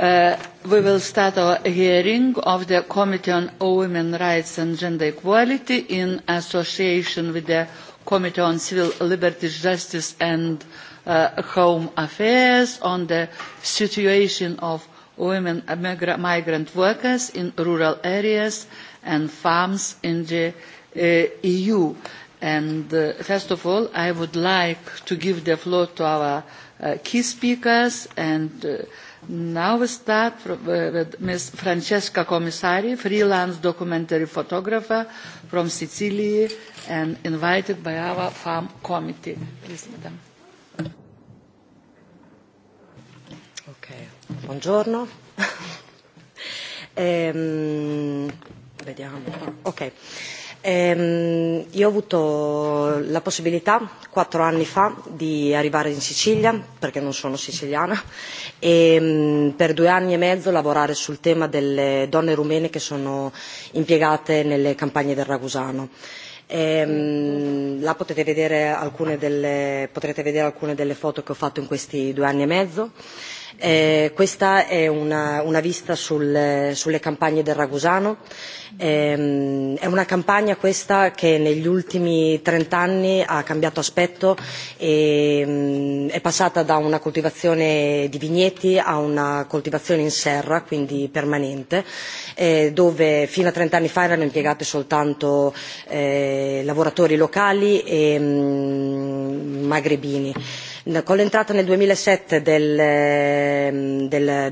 we will start our hearing of the Committee on Women Rights and Gender Equality in association with the Committee on Civil Liberties, Justice and Home Affairs on the situation of women migrant workers in rural areas and farms in the EU. And first of all, I would like to give the floor to our key speakers and uh, Now we start with Ms. Francesca Commissari, freelance documentary photographer from Sicily and invited by our farm committee. Please, madam. Okay. Buongiorno. ehm, vediamo. Ok io ho avuto la possibilità quattro anni fa di arrivare in Sicilia, perché non sono siciliana, e per due anni e mezzo lavorare sul tema delle donne rumene che sono impiegate nelle campagne del Ragusano. là potete vedere alcune delle, potrete vedere alcune delle foto che ho fatto in questi due anni e mezzo questa è una, vista sulle campagne del Ragusano. è una campagna questa che negli ultimi trent'anni ha cambiato aspetto e è passata da una coltivazione di vigneti a una coltivazione in serra, quindi permanente, dove fino a trent'anni fa erano impiegate soltanto lavoratori locali e magrebini con l'entrata nel duemilasette della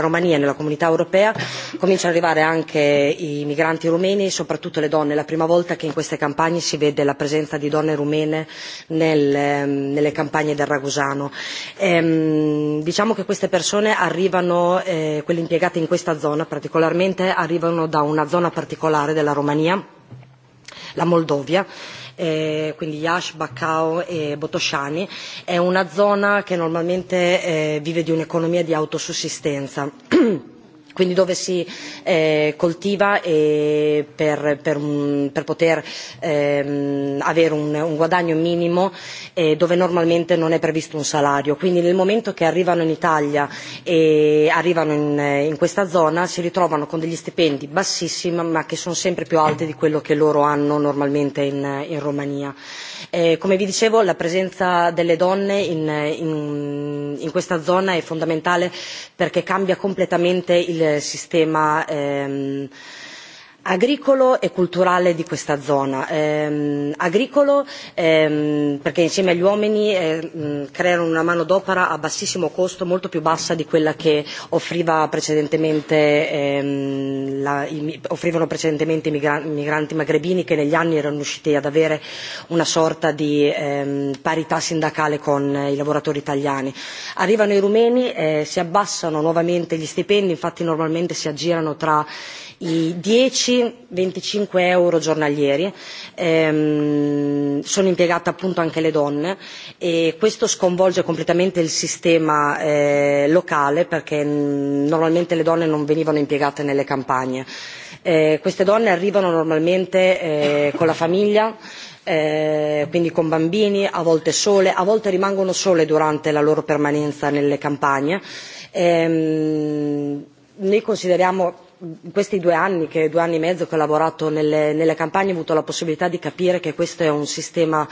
Romania nella comunità europea cominciano ad arrivare anche i migranti rumeni, soprattutto le donne. È la prima volta che in queste campagne si vede la presenza di donne rumene nelle campagne del Ragusano. diciamo che queste persone arrivano, quelle impiegate in questa zona particolarmente, arrivano da una zona particolare della Romania, la Moldovia, eh, quindi Yash, Bacao e Botosciani, è una zona che normalmente eh, vive di un'economia di autosussistenza quindi dove si coltiva per, poter avere un, guadagno minimo dove normalmente non è previsto un salario. Quindi nel momento che arrivano in Italia e arrivano in, questa zona si ritrovano con degli stipendi bassissimi ma che sono sempre più alti di quello che loro hanno normalmente in Romania come vi dicevo la presenza delle donne in, questa zona è fondamentale perché cambia completamente il sistema agricolo e culturale di questa zona. agricolo perché insieme agli uomini creano una manodopera a bassissimo costo, molto più bassa di quella che offrivano precedentemente i migranti magrebini che negli anni erano riusciti ad avere una sorta di parità sindacale con i lavoratori italiani. Arrivano i rumeni, si abbassano nuovamente gli stipendi, infatti normalmente si aggirano tra i dieci venticinque euro giornalieri sono impiegate appunto anche le donne e questo sconvolge completamente il sistema locale perché normalmente le donne non venivano impiegate nelle campagne. queste donne arrivano normalmente con la famiglia quindi con bambini a volte sole a volte rimangono sole durante la loro permanenza nelle campagne. noi consideriamo in questi due anni, che due anni e mezzo che ho lavorato nelle, nelle campagne, ho avuto la possibilità di capire che questo è un sistema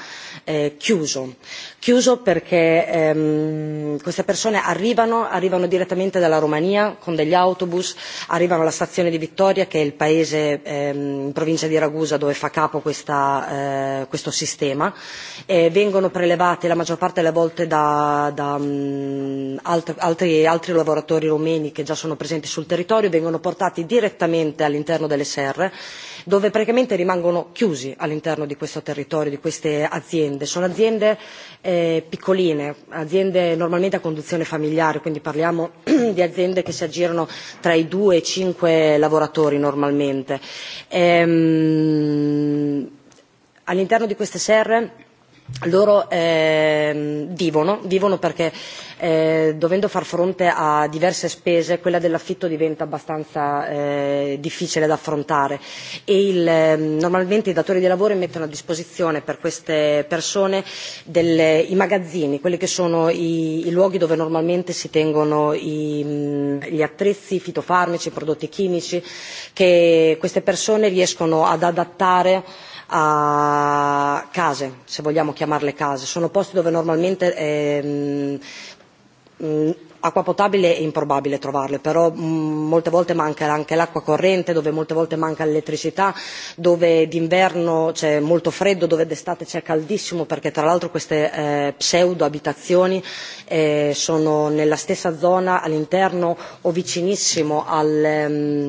eh, chiuso. Chiuso perché ehm, queste persone arrivano, arrivano direttamente dalla Romania con degli autobus, arrivano alla stazione di Vittoria, che è il paese ehm, in provincia di Ragusa dove fa capo questa, eh, questo sistema, e vengono prelevate la maggior parte delle volte da, da mh, altri, altri lavoratori rumeni che già sono presenti sul territorio, vengono portati inviati direttamente all'interno delle serre dove praticamente rimangono chiusi all'interno di questo territorio, di queste aziende. Sono aziende piccoline, aziende normalmente a conduzione familiare, quindi parliamo di aziende che si aggirano tra i due e i cinque lavoratori normalmente. all'interno di queste serre loro vivono, vivono perché dovendo far fronte a diverse spese quella dell'affitto diventa abbastanza difficile da affrontare e normalmente i datori di lavoro mettono a disposizione per queste persone i magazzini, quelli che sono i luoghi dove normalmente si tengono gli attrezzi fitofarmaci, prodotti chimici che queste persone riescono ad adattare a case, se vogliamo chiamarle case, sono posti dove normalmente acqua potabile è improbabile trovarle, però molte volte manca anche l'acqua corrente, dove molte volte manca l'elettricità, dove d'inverno c'è molto freddo, dove d'estate c'è caldissimo, perché tra l'altro queste pseudo abitazioni sono nella stessa zona all'interno o vicinissimo alle,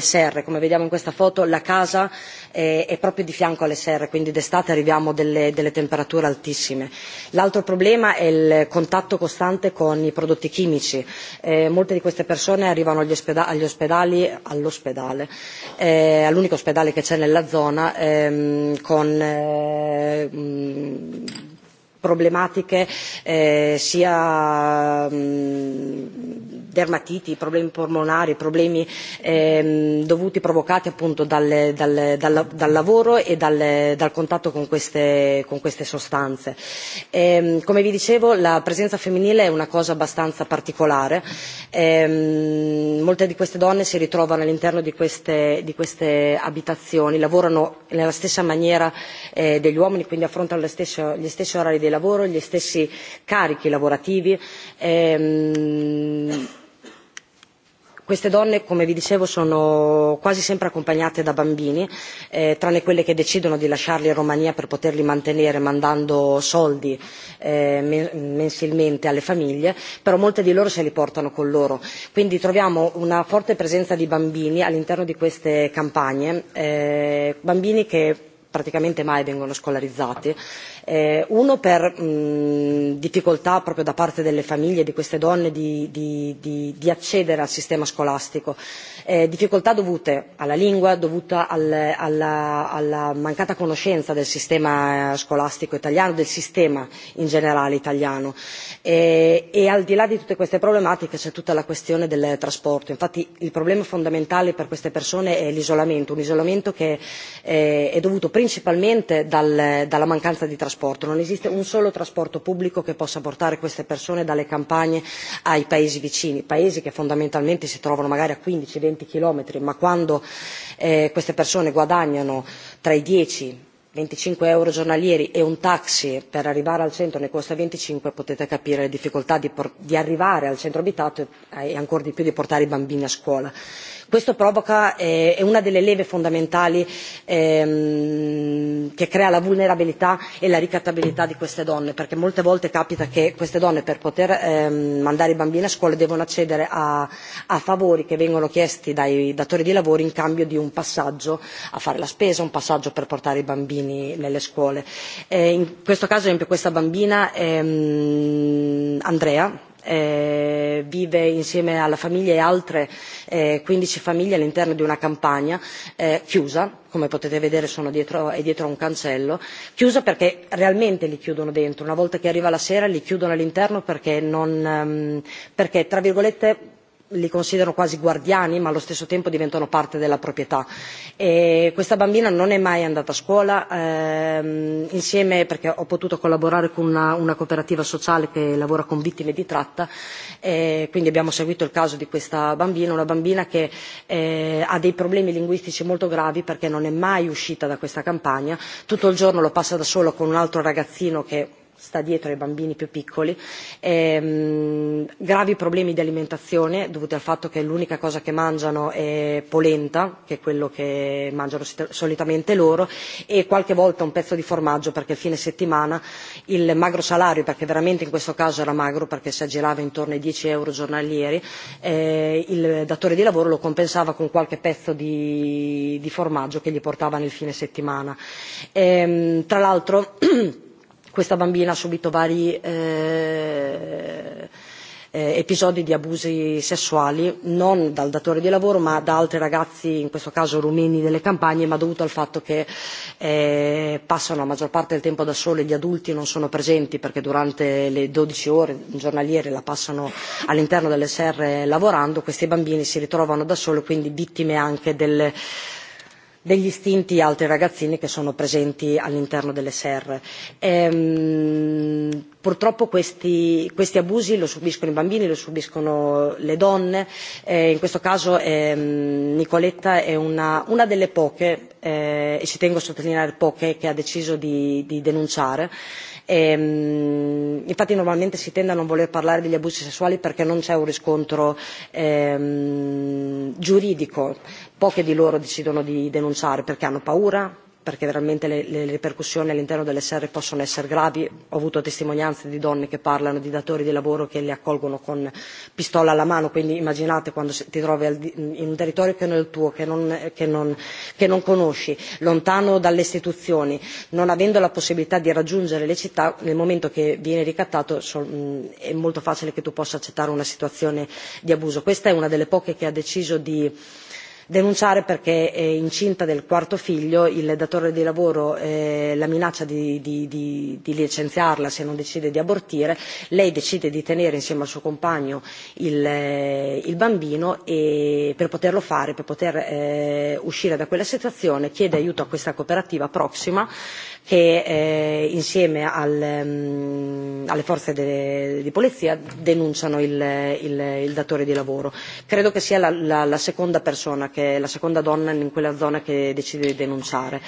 serre. Come vediamo in questa foto la casa è proprio di fianco alle serre, quindi d'estate arriviamo a delle temperature altissime. L'altro problema è il contatto costante con i prodotti chimici. molte di queste persone arrivano agli ospedali, all'ospedale, all'unico ospedale che c'è nella zona, con problematiche sia dermatiti, problemi polmonari, problemi dovuti, provocati appunto dal lavoro e dal contatto con queste sostanze. Come vi dicevo la presenza femminile è una cosa abbastanza particolare, molte di queste donne si ritrovano all'interno di queste abitazioni, lavorano nella stessa maniera degli uomini, quindi affrontano gli stessi orari lavoro gli stessi carichi lavorativi queste donne come vi dicevo sono quasi sempre accompagnate da bambini tranne quelle che decidono di lasciarli in romania per poterli mantenere mandando soldi mensilmente alle famiglie però molte di loro se li portano con loro quindi troviamo una forte presenza di bambini all'interno di queste campagne bambini che praticamente mai vengono scolarizzati uno per difficoltà proprio da parte delle famiglie di queste donne di accedere al sistema scolastico difficoltà dovute alla lingua dovute alla mancata conoscenza del sistema scolastico italiano del sistema in generale italiano e al di là di tutte queste problematiche c'è tutta la questione del trasporto infatti il problema fondamentale per queste persone è l'isolamento un isolamento che è dovuto principalmente dalla mancanza di trasporto. Non esiste un solo trasporto pubblico che possa portare queste persone dalle campagne ai paesi vicini, paesi che fondamentalmente si trovano magari a quindici venti chilometri, ma quando queste persone guadagnano tra i dieci venticinque euro giornalieri e un taxi per arrivare al centro ne costa venticinque potete capire le difficoltà di arrivare al centro abitato e ancor di più di portare i bambini a scuola Questo provoca, eh, è una delle leve fondamentali ehm, che crea la vulnerabilità e la ricattabilità di queste donne, perché molte volte capita che queste donne per poter ehm, mandare i bambini a scuola devono accedere a, a favori che vengono chiesti dai datori di lavoro in cambio di un passaggio a fare la spesa, un passaggio per portare i bambini nelle scuole. Eh, in questo caso, ad esempio, questa bambina, ehm, Andrea, vive insieme alla famiglia e altre quindici famiglie all'interno di una campagna chiusa come potete vedere sono dietro, è dietro a un cancello chiusa perché realmente li chiudono dentro una volta che arriva la sera li chiudono all'interno perché non perché tra virgolette li considero quasi guardiani ma allo stesso tempo diventano parte della proprietà e questa bambina non è mai andata a scuola insieme perché ho potuto collaborare con una cooperativa sociale che lavora con vittime di tratta quindi abbiamo seguito il caso di questa bambina una bambina che ha dei problemi linguistici molto gravi perché non è mai uscita da questa campagna tutto il giorno lo passa da sola con un altro ragazzino che sta dietro ai bambini più piccoli, gravi problemi di alimentazione dovuti al fatto che l'unica cosa che mangiano è polenta, che è quello che mangiano solitamente loro, e qualche volta un pezzo di formaggio perché il fine settimana il magro salario, perché veramente in questo caso era magro perché si aggirava intorno ai dieci euro giornalieri, il datore di lavoro lo compensava con qualche pezzo di, formaggio che gli portava nel fine settimana. tra l'altro questa bambina ha subito vari episodi di abusi sessuali non dal datore di lavoro ma da altri ragazzi in questo caso rumeni delle campagne ma dovuto al fatto che passano la maggior parte del tempo da sole gli adulti non sono presenti perché durante le dodici ore giornaliere la passano all'interno delle serre lavorando questi bambini si ritrovano da soli quindi vittime anche del degli istinti altri ragazzini che sono presenti all'interno delle serre. purtroppo questi, abusi lo subiscono i bambini, lo subiscono le donne, in questo caso Nicoletta è una, delle poche, e ci tengo a sottolineare poche, che ha deciso di denunciare infatti normalmente si tende a non voler parlare degli abusi sessuali perché non c'è un riscontro giuridico poche di loro decidono di denunciare perché hanno paura perché veramente le, ripercussioni all'interno delle serre possono essere gravi. Ho avuto testimonianze di donne che parlano di datori di lavoro che le accolgono con pistola alla mano, quindi immaginate quando ti trovi in un territorio che non è il tuo, che non, conosci, lontano dalle istituzioni, non avendo la possibilità di raggiungere le città, nel momento che vieni ricattato è molto facile che tu possa accettare una situazione di abuso. Questa è una delle poche che ha deciso di denunciare perché è incinta del quarto figlio il datore di lavoro la minaccia di licenziarla se non decide di abortire lei decide di tenere insieme al suo compagno il bambino e per poterlo fare per poter uscire da quella situazione chiede aiuto a questa cooperativa prossima che insieme alle forze di polizia denunciano il datore di lavoro. Credo che sia la seconda persona, la seconda donna in quella zona che decide di denunciare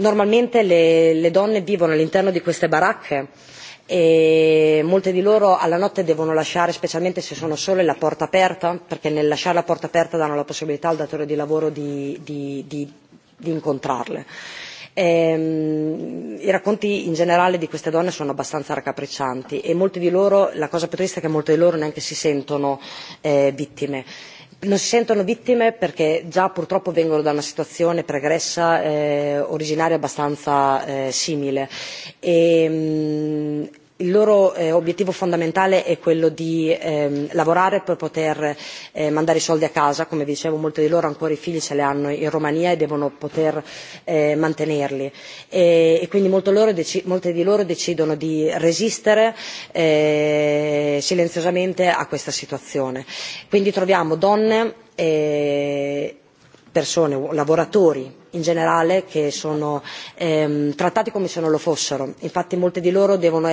normalmente le donne vivono all'interno di queste baracche e molte di loro alla notte devono lasciare, specialmente se sono sole, la porta aperta, perché nel lasciare la porta aperta danno la possibilità al datore di lavoro di, di, di, di incontrarle. I racconti in generale di queste donne sono abbastanza raccapriccianti e molti di loro, la cosa più triste è che molte di loro neanche si sentono eh, vittime non si sentono vittime perché già purtroppo vengono da una situazione pregressa originaria abbastanza simile e il loro obiettivo fondamentale è quello di lavorare per poter mandare i soldi a casa come dicevo molti di loro ancora i figli ce li hanno in romania e devono poter mantenerli e quindi molti di loro decidono di resistere silenziosamente a questa situazione. quindi troviamo donne persone lavoratori in generale che sono trattati come se non lo fossero infatti molte di loro vengono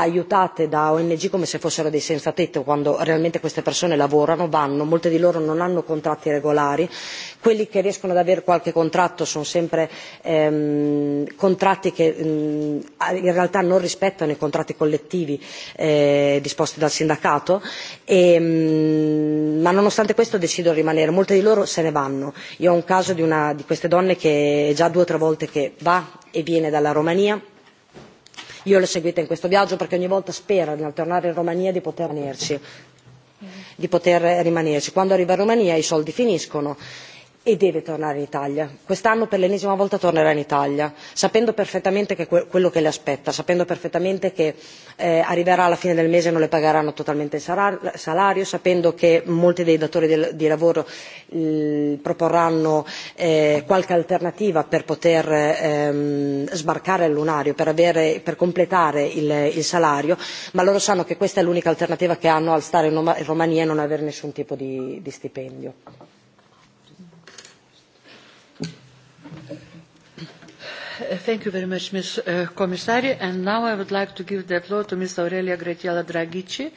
aiutate da ong come se fossero dei senzatetto quando realmente queste persone lavorano vanno molte di loro non hanno contratti regolari quelli che riescono ad avere qualche contratto sono sempre contratti che in realtà non rispettano i contratti collettivi disposti dal sindacato ma nonostante questo decidono di rimanere molte di loro se ne vanno. io ho un caso una di queste donne che è già due o tre volte che va e viene dalla Romania. Io l'ho seguita in questo viaggio perché ogni volta spera nel tornare in Romania di poter rimanerci. Di poter rimanerci. Quando arriva in Romania i soldi finiscono e deve tornare in Italia. Quest'anno per l'ennesima volta tornerà in Italia, sapendo perfettamente quello che le aspetta, sapendo perfettamente che arriverà alla fine del mese e non le pagheranno totalmente il salario, sapendo che molti dei datori di lavoro proporranno qualche alternativa per poter sbarcare il lunario, per completare il salario, ma loro sanno che questa è l'unica alternativa che hanno al stare in Romania e non avere nessun tipo di stipendio Thank you very much, Ms. Commissary. And now I would like to give the floor to Ms. Aurelia Gratiela Dragici,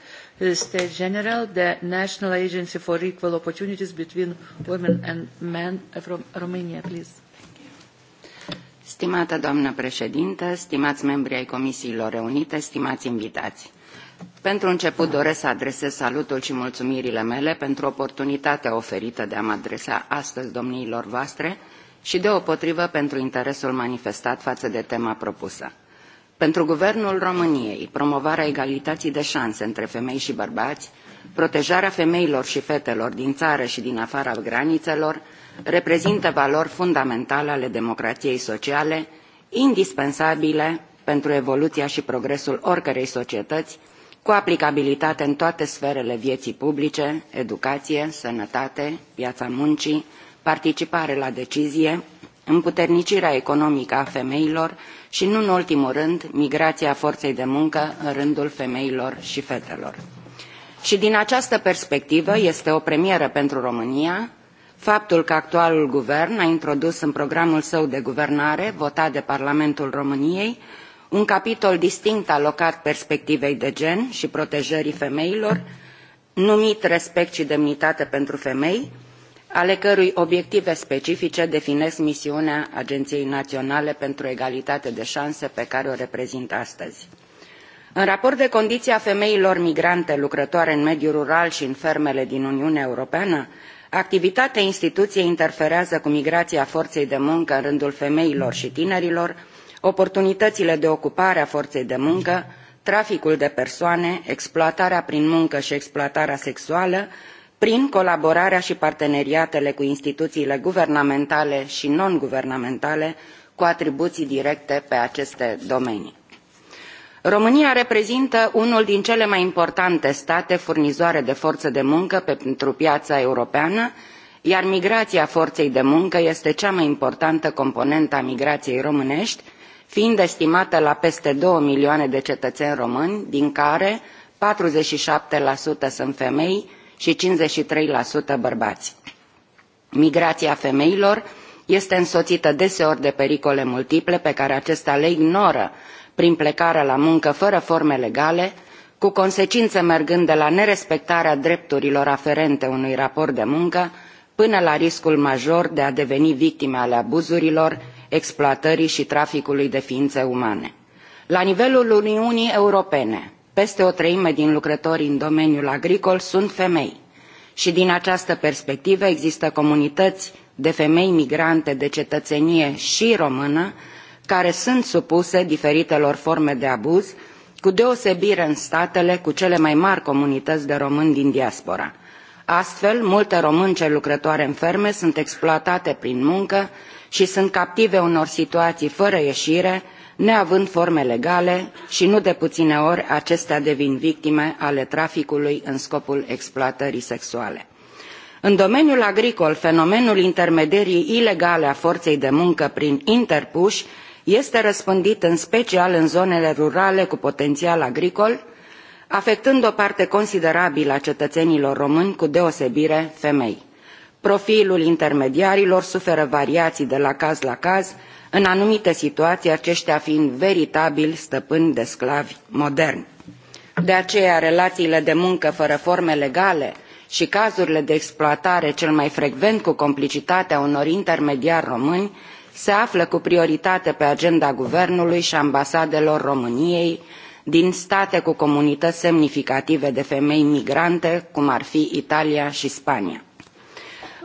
State General, the National Agency for Equal Opportunities Between Women and Men from Romania, please. Stimată doamnă președintă, stimați membri ai Comisiilor Reunite, stimați invitați. Pentru început doresc să adresez salutul și mulțumirile mele pentru oportunitatea oferită de a mă adresa astăzi domniilor voastre și deopotrivă pentru interesul manifestat față de tema propusă. Pentru Guvernul României, promovarea egalității de șanse între femei și bărbați, protejarea femeilor și fetelor din țară și din afara granițelor reprezintă valori fundamentale ale democrației sociale, indispensabile pentru evoluția și progresul oricărei societăți, cu aplicabilitate în toate sferele vieții publice, educație, sănătate, piața muncii, participare la decizie, împuternicirea economică a femeilor și, nu în ultimul rând, migrația forței de muncă în rândul femeilor și fetelor. Și din această perspectivă este o premieră pentru România faptul că actualul guvern a introdus în programul său de guvernare, votat de Parlamentul României, un capitol distinct alocat perspectivei de gen și protejării femeilor, numit Respect și demnitate pentru femei, ale cărui obiective specifice definesc misiunea Agenției Naționale pentru Egalitate de Șanse pe care o reprezint astăzi. În raport de condiția femeilor migrante lucrătoare în mediul rural și în fermele din Uniunea Europeană, activitatea instituției interferează cu migrația forței de muncă în rândul femeilor și tinerilor, oportunitățile de ocupare a forței de muncă, traficul de persoane, exploatarea prin muncă și exploatarea sexuală, prin colaborarea și parteneriatele cu instituțiile guvernamentale și non-guvernamentale cu atribuții directe pe aceste domenii. România reprezintă unul din cele mai importante state furnizoare de forță de muncă pentru piața europeană, iar migrația forței de muncă este cea mai importantă componentă a migrației românești, fiind estimată la peste 2 milioane de cetățeni români, din care 47% sunt femei, și 53% bărbați. Migrația femeilor este însoțită deseori de pericole multiple pe care acestea le ignoră prin plecarea la muncă fără forme legale, cu consecințe mergând de la nerespectarea drepturilor aferente unui raport de muncă până la riscul major de a deveni victime ale abuzurilor, exploatării și traficului de ființe umane. La nivelul Uniunii Europene, peste o treime din lucrătorii în domeniul agricol sunt femei și din această perspectivă există comunități de femei migrante de cetățenie și română care sunt supuse diferitelor forme de abuz, cu deosebire în statele cu cele mai mari comunități de români din diaspora. Astfel, multe românce lucrătoare în ferme sunt exploatate prin muncă și sunt captive unor situații fără ieșire, neavând forme legale și nu de puține ori acestea devin victime ale traficului în scopul exploatării sexuale. În domeniul agricol, fenomenul intermedierii ilegale a forței de muncă prin interpuși este răspândit în special în zonele rurale cu potențial agricol, afectând o parte considerabilă a cetățenilor români, cu deosebire femei. Profilul intermediarilor suferă variații de la caz la caz, în anumite situații aceștia fiind veritabili stăpâni de sclavi moderni. De aceea, relațiile de muncă fără forme legale și cazurile de exploatare cel mai frecvent cu complicitatea unor intermediari români se află cu prioritate pe agenda guvernului și ambasadelor României din state cu comunități semnificative de femei migrante, cum ar fi Italia și Spania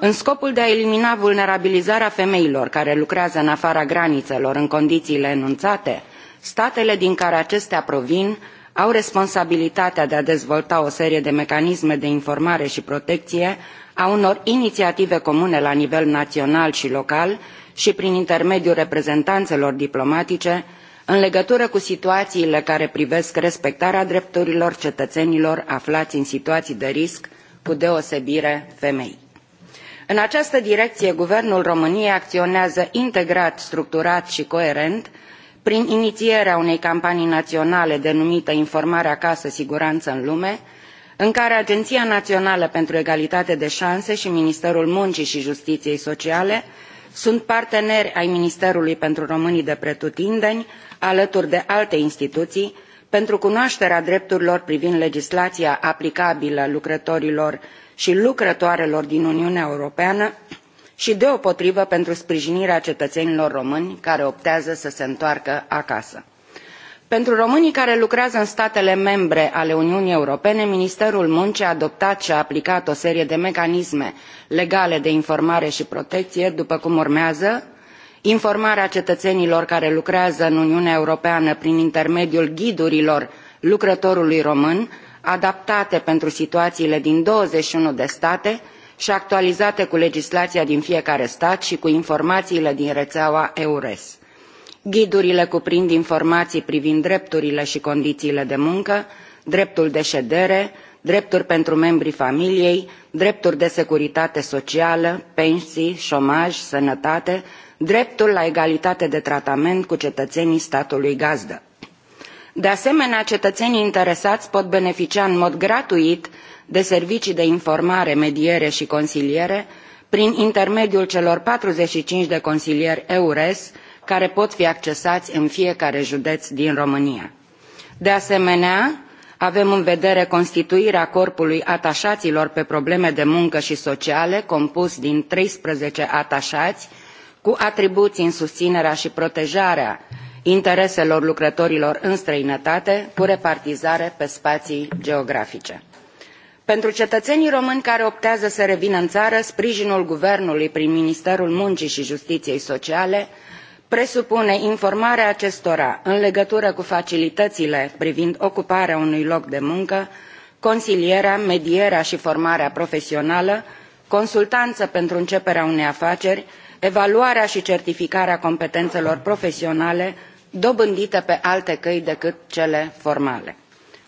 în scopul de a elimina vulnerabilizarea femeilor care lucrează în afara granițelor în condițiile enunțate statele din care acestea provin au responsabilitatea de a dezvolta o serie de mecanisme de informare și protecție a unor inițiative comune la nivel național și local și prin intermediul reprezentanțelor diplomatice în legătură cu situațiile care privesc respectarea drepturilor cetățenilor aflați în situații de risc, cu deosebire femei în această direcie guvernul româniei acionează integrat structurat i coerent prin iniierea unei campanii naionale denumită informare acasă sigurană în lume în care agenia naională pentru egalitate de anse i ministerul muncii i justiiei sociale sunt parteneri ai ministerului pentru românii de pretutindeni alături de alte instituii pentru cunoaterea drepturilor privind legislaia aplicabilă lucrătorilor și lucrătoarelor din Uniunea Europeană și deopotrivă pentru sprijinirea cetățenilor români care optează să se întoarcă acasă. Pentru românii care lucrează în statele membre ale Uniunii Europene, Ministerul Muncii a adoptat și a aplicat o serie de mecanisme legale de informare și protecție, după cum urmează informarea cetățenilor care lucrează în Uniunea Europeană prin intermediul ghidurilor lucrătorului român, adaptate pentru situațiile din 21 de state și actualizate cu legislația din fiecare stat și cu informațiile din rețeaua EURES. Ghidurile cuprind informații privind drepturile și condițiile de muncă, dreptul de ședere, drepturi pentru membrii familiei, drepturi de securitate socială, pensii, șomaj, sănătate, dreptul la egalitate de tratament cu cetățenii statului gazdă. De asemenea, cetățenii interesați pot beneficia în mod gratuit de servicii de informare, mediere și consiliere prin intermediul celor 45 de consilieri EURES care pot fi accesați în fiecare județ din România. De asemenea, avem în vedere constituirea corpului atașaților pe probleme de muncă și sociale, compus din 13 atașați, cu atribuții în susținerea și protejarea intereselor lucrătorilor în străinătate cu repartizare pe spații geografice. Pentru cetățenii români care optează să revină în țară, sprijinul Guvernului prin Ministerul Muncii și Justiției Sociale presupune informarea acestora în legătură cu facilitățile privind ocuparea unui loc de muncă, consilierea, medierea și formarea profesională, consultanță pentru începerea unei afaceri, evaluarea și certificarea competențelor profesionale, dobândită pe alte căi decât cele formale.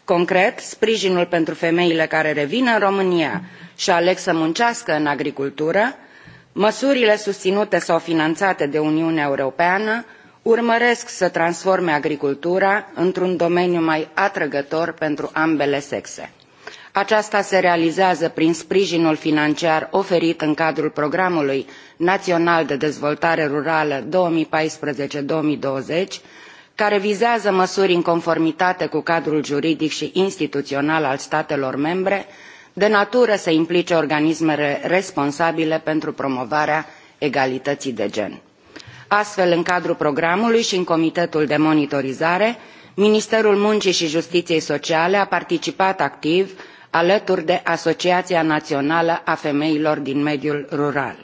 Concret, sprijinul pentru femeile care revin în România și aleg să muncească în agricultură, măsurile susținute sau finanțate de Uniunea Europeană urmăresc să transforme agricultura într-un domeniu mai atrăgător pentru ambele sexe Aceasta se realizează prin sprijinul financiar oferit în cadrul Programului Național de Dezvoltare Rurală 2014-2020, care vizează măsuri în conformitate cu cadrul juridic și instituțional al statelor membre, de natură să implice organismele responsabile pentru promovarea egalității de gen. Astfel, în cadrul programului și în Comitetul de Monitorizare, Ministerul Muncii și Justiției Sociale a participat activ alături de Asociația Națională a Femeilor din Mediul Rural.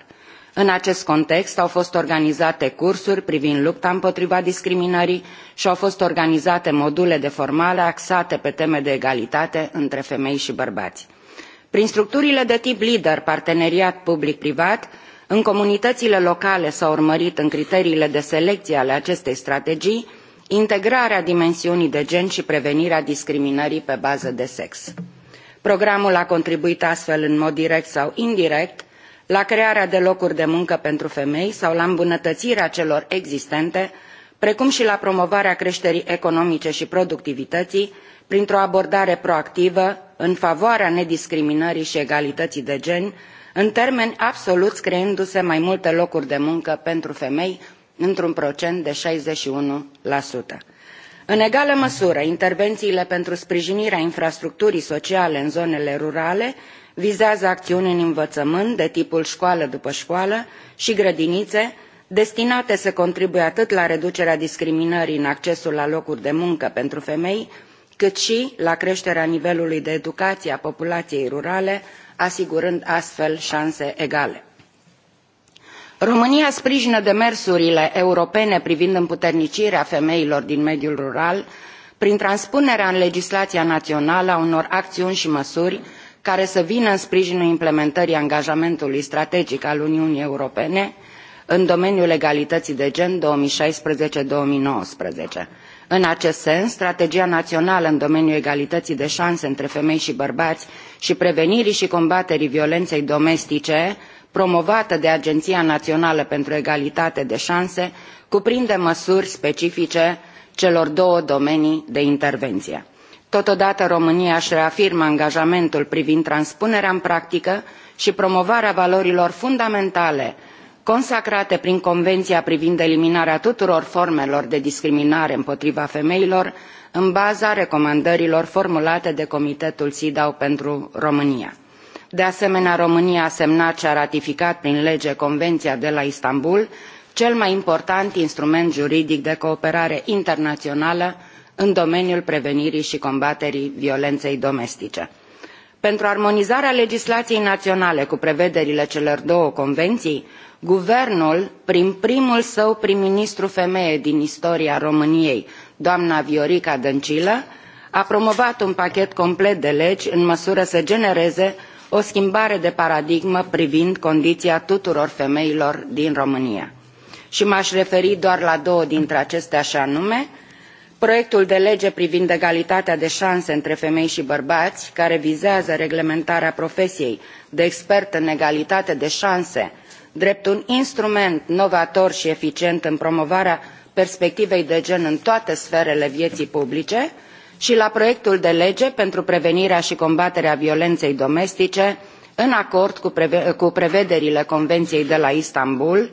În acest context au fost organizate cursuri privind lupta împotriva discriminării și au fost organizate module de formare axate pe teme de egalitate între femei și bărbați. Prin structurile de tip lider, parteneriat public-privat, în comunitățile locale s-a urmărit în criteriile de selecție ale acestei strategii integrarea dimensiunii de gen și prevenirea discriminării pe bază de sex. Programul a contribuit astfel în mod direct sau indirect la crearea de locuri de muncă pentru femei sau la îmbunătățirea celor existente, precum și la promovarea creșterii economice și productivității printr-o abordare proactivă în favoarea nediscriminării și egalității de gen, în termeni absoluți creându-se mai multe locuri de muncă pentru femei, într-un procent de 61% în egală măsură intervențiile pentru sprijinirea infrastructurii sociale în zonele rurale vizează acțiuni în învățământ de tipul școală după școală și grădinițe destinate să contribuie atât la reducerea discriminării în accesul la locuri de muncă pentru femei cât și la creșterea nivelului de educație a populației rurale asigurând astfel șanse egale România sprijină demersurile europene privind împuternicirea femeilor din mediul rural prin transpunerea în legislația națională a unor acțiuni și măsuri care să vină în sprijinul implementării angajamentului strategic al Uniunii Europene în domeniul egalităii de gen șaisprezece două mii nouăsprezece În acest sens, strategia națională în domeniul egalității de șanse între femei și bărbați și prevenirii și combaterii violenței domestice promovată de Agenția Națională pentru Egalitate de Șanse, cuprinde măsuri specifice celor două domenii de intervenție. Totodată, România își reafirmă angajamentul privind transpunerea în practică și promovarea valorilor fundamentale consacrate prin Convenția privind eliminarea tuturor formelor de discriminare împotriva femeilor, în baza recomandărilor formulate de Comitetul SIDAU pentru România. De asemenea, România a semnat și a ratificat prin lege Convenția de la Istanbul, cel mai important instrument juridic de cooperare internațională în domeniul prevenirii și combaterii violenței domestice. Pentru armonizarea legislației naționale cu prevederile celor două convenții, guvernul, prin primul său prim-ministru femeie din istoria României, doamna Viorica Dăncilă, a promovat un pachet complet de legi în măsură să genereze o schimbare de paradigmă privind condiția tuturor femeilor din România. Și m-aș referi doar la două dintre acestea așa anume, proiectul de lege privind egalitatea de șanse între femei și bărbați, care vizează reglementarea profesiei de expert în egalitate de șanse, drept un instrument novator și eficient în promovarea perspectivei de gen în toate sferele vieții publice, și la proiectul de lege pentru prevenirea și combaterea violenței domestice, în acord cu prevederile Convenției de la Istanbul,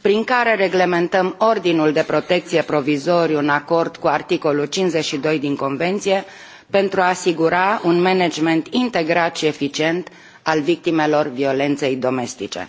prin care reglementăm ordinul de protecție provizoriu în acord cu articolul cincizeci și doi din Convenție pentru a asigura un management integrat și eficient al victimelor violenței domestice.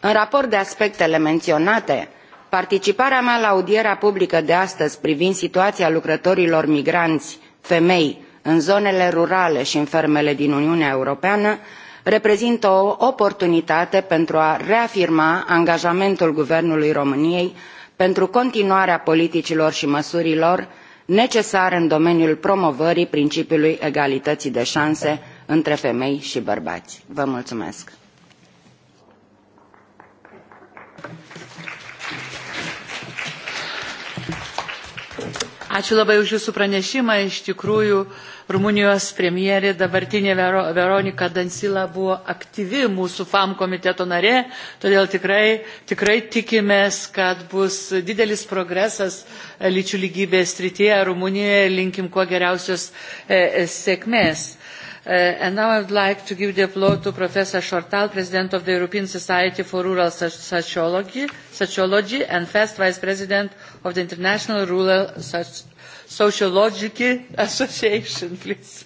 În raport de aspectele menționate, participarea mea la audierea publică de astăzi privind situația lucrătorilor migranți femei în zonele rurale și în fermele din Uniunea Europeană reprezintă o oportunitate pentru a reafirma angajamentul Guvernului României pentru continuarea politicilor și măsurilor necesare în domeniul promovării principiului egalității de șanse între femei și bărbați. Vă mulțumesc! Ačiū labai už Jūsų pranešimą. Iš tikrųjų, Rumunijos premjerė dabartinė Veronika Dansila buvo aktyvi mūsų FAM komiteto narė, todėl tikrai, tikrai tikimės, kad bus didelis progresas lyčių lygybės srityje Rumunijoje. Linkim kuo geriausios sėkmės and now I would like to give the floor to Professor Shortal, President of the European Society for Rural Sociology, Sociology and first Vice President of the International Rural Sociological Association, please.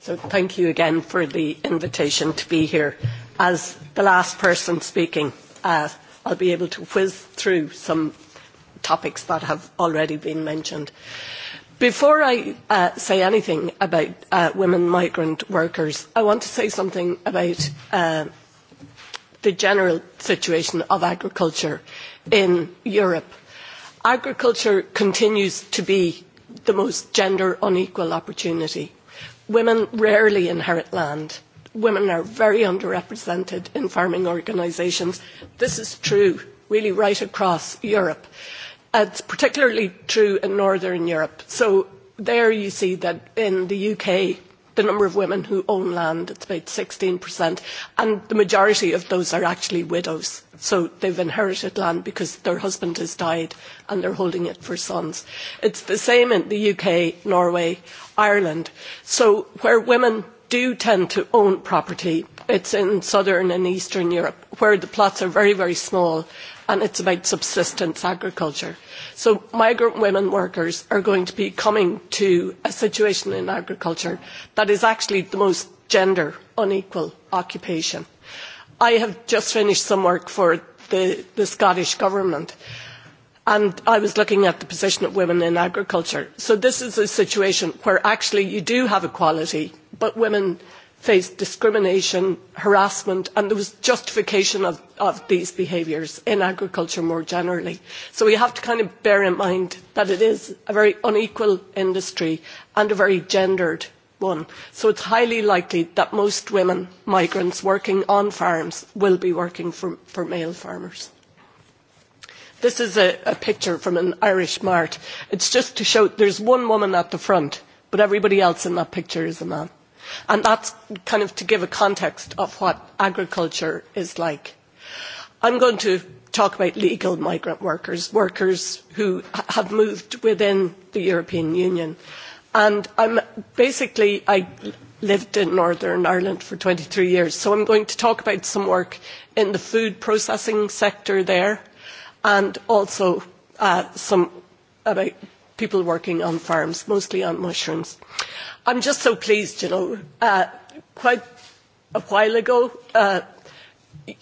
So thank you again for the invitation to be here. As the last person speaking, uh, I'll be able to whiz through some topics that have already been mentioned. Before I uh, say anything about uh, women migrant workers, I want to say something about uh, the general situation of agriculture in Europe. Agriculture continues to be the most gender unequal opportunity. Women rarely inherit land. Women are very underrepresented in farming organisations. This is true really right across Europe. It is particularly true in Northern Europe. So there you see that in the UK, the number of women who own land, is about 16%, and the majority of those are actually widows. So they have inherited land because their husband has died and they are holding it for sons. It is the same in the UK, Norway, Ireland. So where women do tend to own property, it is in southern and eastern Europe, where the plots are very, very small and it is about subsistence agriculture. So migrant women workers are going to be coming to a situation in agriculture that is actually the most gender unequal occupation. I have just finished some work for the, the Scottish Government and I was looking at the position of women in agriculture. So this is a situation where actually you do have equality, but women faced discrimination, harassment, and there was justification of, these behaviours in agriculture more generally. So we have to kind of bear in mind that it is a very unequal industry and a very gendered one. So it is highly likely that most women migrants working on farms will be working for, male farmers. This is a, picture from an Irish mart. It is just to show there is one woman at the front, but everybody else in that picture is a man And that's kind of to give a context of what agriculture is like. I'm going to talk about legal migrant workers, workers who have moved within the European Union. And I'm basically, I lived in Northern Ireland for twenty three years, so I'm going to talk about some work in the food processing sector there and also some about people working on farms, mostly on mushrooms. I am just so pleased, you know. Uh, quite a while ago, uh,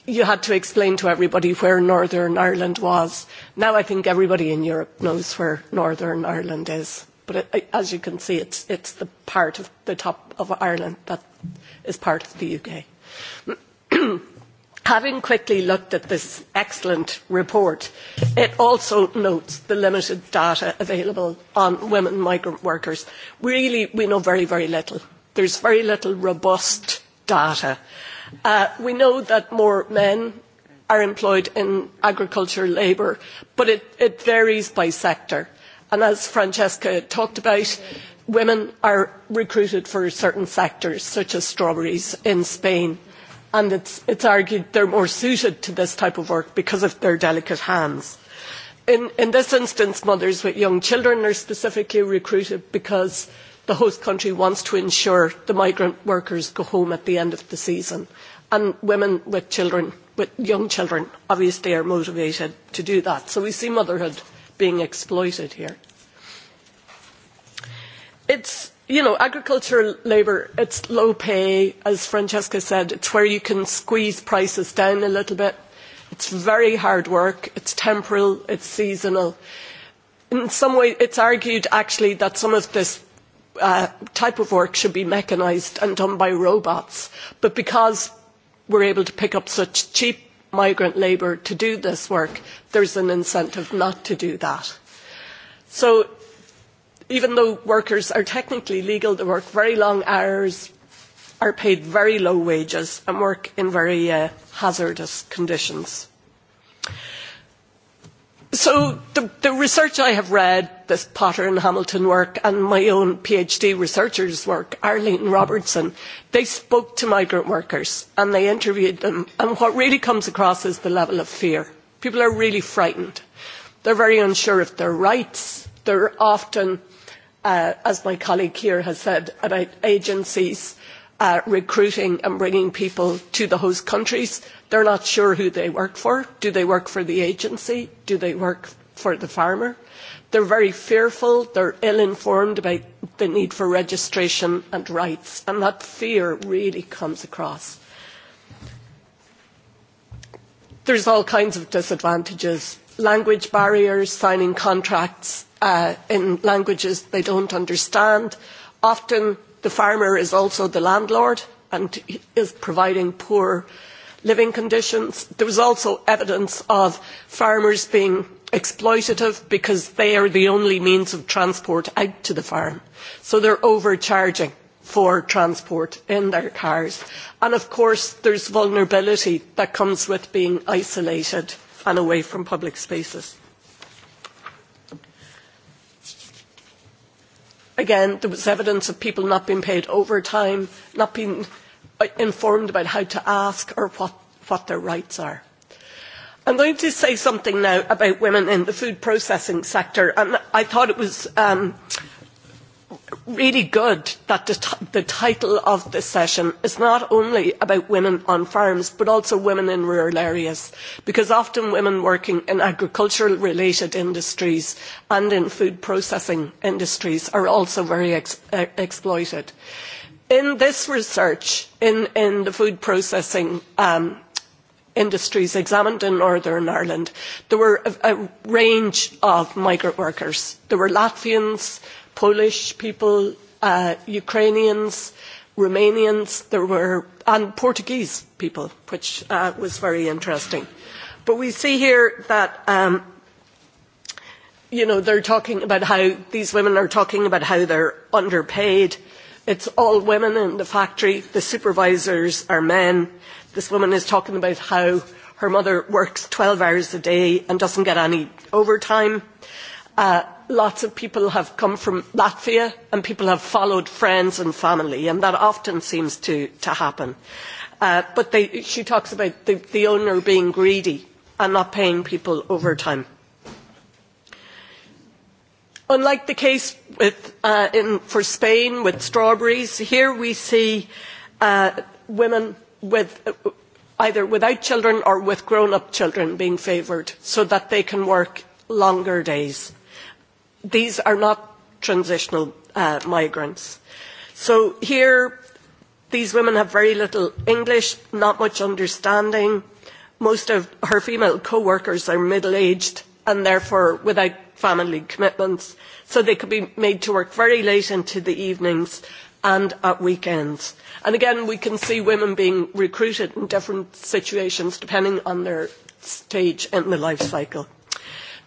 you had to explain to everybody where Northern Ireland was. Now I think everybody in Europe knows where Northern Ireland is. But it, as you can see, it's, it's the part of the top of Ireland that is part of the UK having quickly looked at this excellent report it also notes the limited data available on women migrant workers. really we know very very little. there is very little robust data. we know that more men are employed in agricultural labour but it varies by sector and as francesca talked about women are recruited for certain sectors such as strawberries in spain and it's, it's argued they're more suited to this type of work because of their delicate hands. In, in this instance, mothers with young children are specifically recruited because the host country wants to ensure the migrant workers go home at the end of the season. And women with children, with young children, obviously are motivated to do that. So we see motherhood being exploited here. It's you know, agricultural labour, it's low pay, as Francesca said, it's where you can squeeze prices down a little bit. It's very hard work, it's temporal, it's seasonal. In some way, it's argued actually that some of this uh, type of work should be mechanised and done by robots. But because we're able to pick up such cheap migrant labour to do this work, there's an incentive not to do that. So even though workers are technically legal to work very long hours, are paid very low wages and work in very hazardous conditions. So the, the research I have read, this Potter and Hamilton work and my own PhD researchers' work, Arlene and Robertson, they spoke to migrant workers and they interviewed them. And what really comes across is the level of fear. People are really frightened. They're very unsure of their rights. They're often as my colleague here has said, about agencies recruiting and bringing people to the host countries. They are not sure who they work for. Do they work for the agency? Do they work for the farmer? They are very fearful. they are ill-informed about the need for registration and rights, and that fear really comes across. There are all kinds of disadvantages language barriers, signing contracts in languages they don't understand. Often the farmer is also the landlord and is providing poor living conditions. There was also evidence of farmers being exploitative because they are the only means of transport out to the farm. So they are overcharging for transport in their cars. And of course, there is vulnerability that comes with being isolated and away from public spaces. Again, there was evidence of people not being paid overtime, not being informed about how to ask or what, what their rights are. I am going to say something now about women in the food processing sector, and I thought it was um really good that the, the title of this session is not only about women on farms but also women in rural areas because often women working in agricultural related industries and in food processing industries are also very exploited. In this research in, in the food processing um, industries examined in Northern Ireland, there were a, range of migrant workers. There were Latvians, Polish people, Ukrainians, Romanians, there were, and Portuguese people, which was very interesting. But we see here that you know they're talking about how these women are talking about how they're underpaid it's all women in the factory the supervisors are men this woman is talking about how her mother works twelve hours a day and doesn't get any overtime lots of people have come from Latvia and people have followed friends and family, and that often seems to, to happen. but she talks about the, the owner being greedy and not paying people overtime. Unlike the case with, uh, in, for Spain with strawberries, here we see uh, women with uh, either without children or with grown up children being favoured so that they can work longer days these are not transitional uh, migrants. So here, these women have very little English, not much understanding. Most of her female co-workers are middle-aged and therefore without family commitments. So they could be made to work very late into the evenings and at weekends. And again, we can see women being recruited in different situations depending on their stage in the life cycle.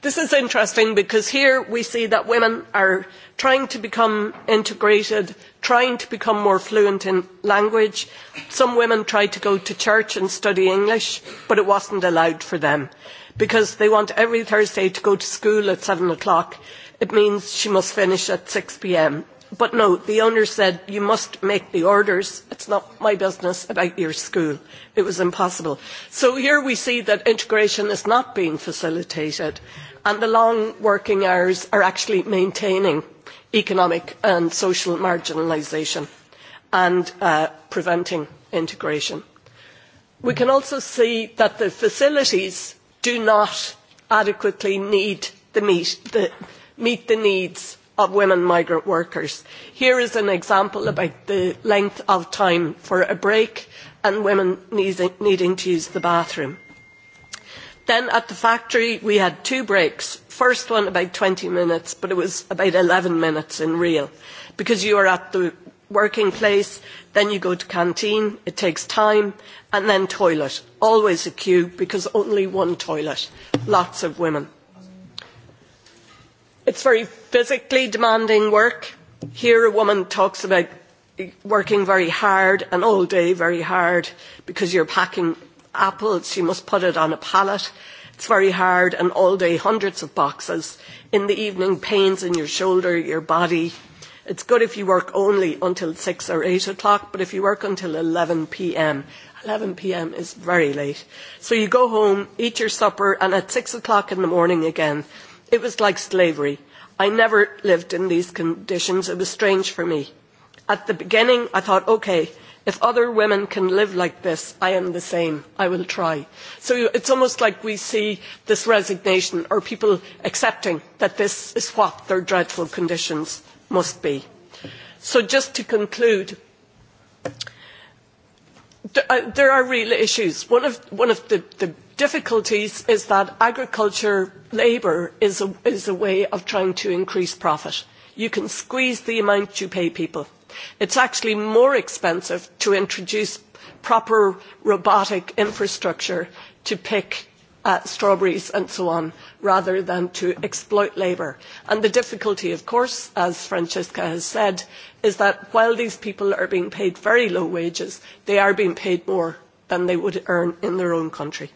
This is interesting because here we see that women are trying to become integrated, trying to become more fluent in language. Some women tried to go to church and study English, but it was not allowed for them because they want every Thursday to go to school at seven o'clock. It means she must finish at six p.m. But no, the owner said, you must make the orders. It's not my business about your school. It was impossible. So here we see that integration is not being facilitated and the long working hours are actually maintaining economic and social marginalisation and preventing integration. We can also see that the facilities do not adequately meet the needs of women migrant workers. Here is an example about the length of time for a break and women needing to use the bathroom Then at the factory, we had two breaks. First one about 20 minutes, but it was about 11 minutes in real. Because you are at the working place, then you go to canteen, it takes time, and then toilet. Always a queue because only one toilet. Lots of women. It's very physically demanding work. Here a woman talks about working very hard and all day very hard because you're packing apples, you must put it on a pallet. It's very hard, and all day, hundreds of boxes. In the evening, pains in your shoulder, your body. It's good if you work only until six or eight o'clock, but if you work until eleven p.m., 11 p.m. is very late. So you go home, eat your supper, and at six o'clock in the morning again. It was like slavery. I never lived in these conditions. It was strange for me. At the beginning, I thought, okay, if other women can live like this i am the same i will try so it is almost like we see this resignation or people accepting that this is what their dreadful conditions must be so just to conclude there are real issues. One of, the, difficulties is that agriculture labour is a way of trying to increase profit. You can squeeze the amount you pay people It is actually more expensive to introduce proper robotic infrastructure to pick strawberries and so on, rather than to exploit labour. And the difficulty, of course, as Francesca has said, is that while these people are being paid very low wages, they are being paid more than they would earn in their own country.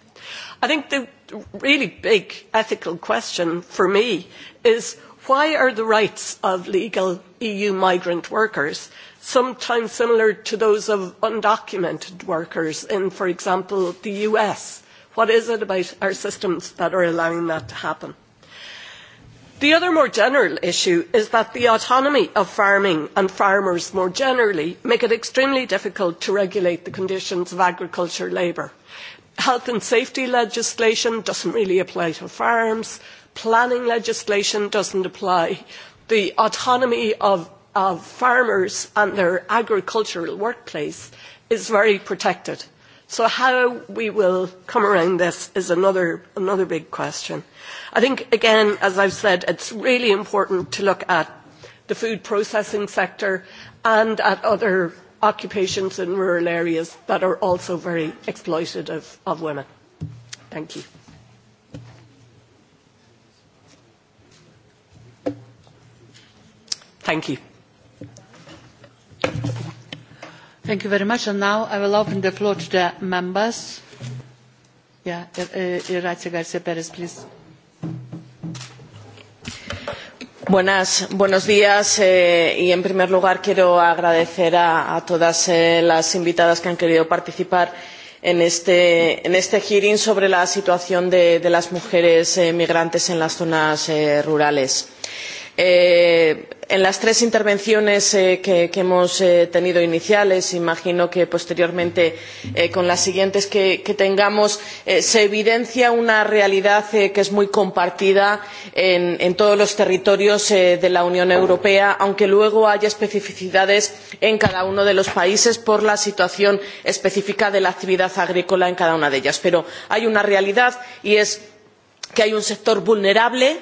I think the really big ethical question for me is why are the rights of legal EU migrant workers sometimes similar to those of undocumented workers in, for example, the US? What is it about our systems that are allowing that to happen? The other more general issue is that the autonomy of farming and farmers more generally make it extremely difficult to regulate the conditions of agriculture labour. Health and safety legislation does not really apply to farms planning legislation does not apply. The autonomy of, farmers and their agricultural workplace is very protected. So how we will come around this is another, another big question. I think, again, as I have said, it is really important to look at the food processing sector and at other occupations in rural areas that are also very exploitative of women. Thank you. Thank you. Thank you very much. And now I will open the floor to the members. Yeah, Iracia García Pérez, please. buenos días y en primer lugar quiero agradecer a, todas las invitadas que han querido participar en este, hearing sobre la situación de, las mujeres migrantes en las zonas rurales. Eh, en las tres intervenciones que, hemos tenido iniciales, imagino que posteriormente con las siguientes que, tengamos, se evidencia una realidad que es muy compartida en, todos los territorios de la Unión Europea, aunque luego haya especificidades en cada uno de los países por la situación específica de la actividad agrícola en cada una de ellas. Pero hay una realidad y es que hay un sector vulnerable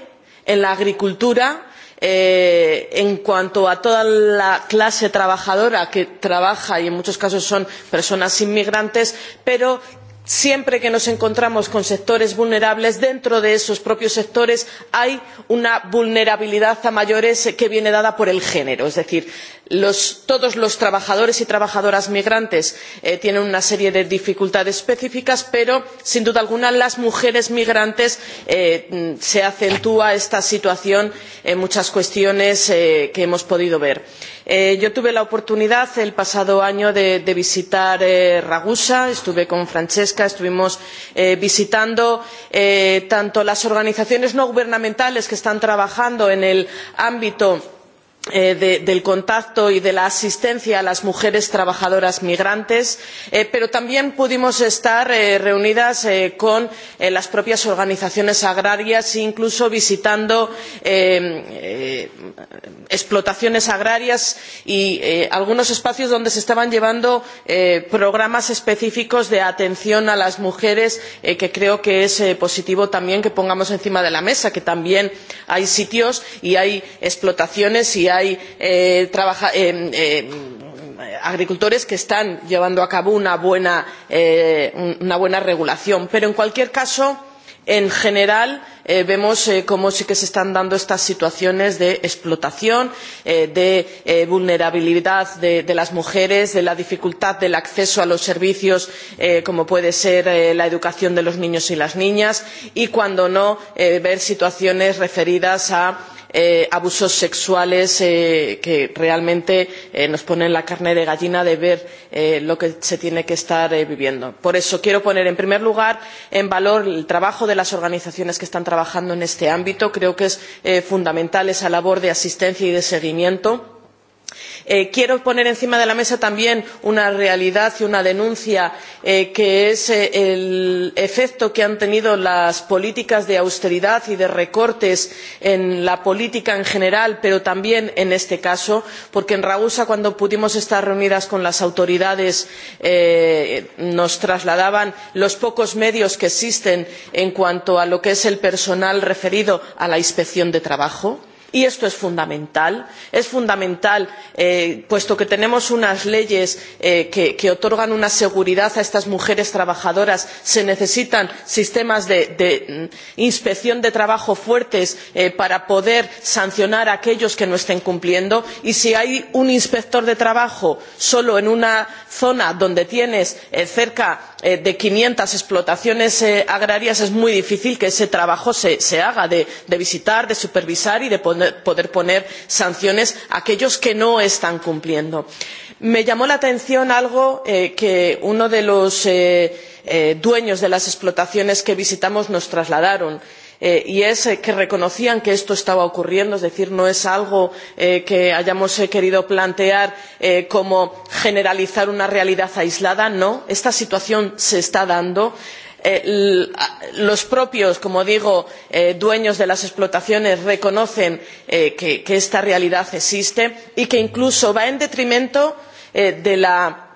en la agricultura en cuanto a toda la clase trabajadora que trabaja y en muchos casos son personas inmigrantes pero siempre que nos encontramos con sectores vulnerables dentro de esos propios sectores hay una vulnerabilidad a mayores que viene dada por el género es decir todos los trabajadores y trabajadoras migrantes tienen una serie de dificultades específicas pero sin duda alguna en las mujeres migrantes se acentúa esta situación en muchas cuestiones que hemos podido ver yo tuve la oportunidad el pasado año de visitar ragusa estuve con francesca estuvimos visitando tanto las organizaciones no gubernamentales que están trabajando en el ámbito de del contacto y de la asistencia a las mujeres trabajadoras migrantes pero también pudimos estar reunidas con las propias organizaciones agrarias e incluso visitando explotaciones agrarias y algunos espacios donde se estaban llevando programas específicos de atención a las mujeres que creo que es positivo también que pongamos encima de la mesa que también hay sitios y hay explotaciones y hay agricultores que están llevando a cabo una buena regulación pero en cualquier caso en general vemos cómo sí que se están dando estas situaciones de explotación de vulnerabilidad de las mujeres de la dificultad del acceso a los servicios como puede ser la educación de los niños y las niñas y cuando no ver situaciones referidas a abusos sexuales que realmente nos ponen la carne de gallina de ver lo que se tiene que estar viviendo. por eso quiero poner en primer lugar en valor el trabajo de las organizaciones que están trabajando en este ámbito. creo que es fundamental esa labor de asistencia y de seguimiento quiero poner encima de la mesa también una realidad y una denuncia que es el efecto que han tenido las políticas de austeridad y de recortes en la política en general pero también en este caso porque en ragusa cuando pudimos estar reunidas con las autoridades nos trasladaban los pocos medios que existen en cuanto a lo que es el personal referido a la inspección de trabajo y y esto es fundamental es fundamental puesto que tenemos unas leyes que otorgan una seguridad a estas mujeres trabajadoras se necesitan sistemas de inspección de trabajo fuertes para poder sancionar a aquellos que no estén cumpliendo y si hay un inspector de trabajo solo en una zona donde tienes cerca de quinientas explotaciones agrarias es muy difícil que ese trabajo se haga de visitar de supervisar y de poder poner sanciones a aquellos que no están cumpliendo. me llamó la atención algo que uno de los dueños de las explotaciones que visitamos nos trasladó y es que reconocían que esto estaba ocurriendo es decir no es algo que hayamos querido plantear como generalizar una realidad aislada no esta situación se está dando y los propios como digo dueños de las explotaciones reconocen que esta realidad existe y que incluso va en detrimento de la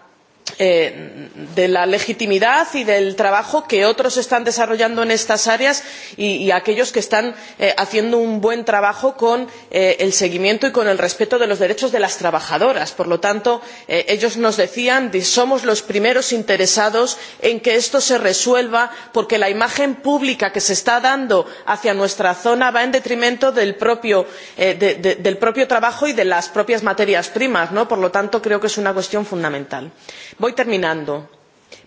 de la legitimidad y del trabajo que otros están desarrollando en estas áreas y de aquellos que están haciendo un buen trabajo con el seguimiento y con el respeto de los derechos de las trabajadoras. por lo tanto ellos nos decían somos los primeros interesados en que esto se resuelva porque la imagen pública que se está dando hacia nuestra zona va en detrimento del propio trabajo y de las propias materias primas. por lo tanto creo que es una cuestión fundamental voy terminando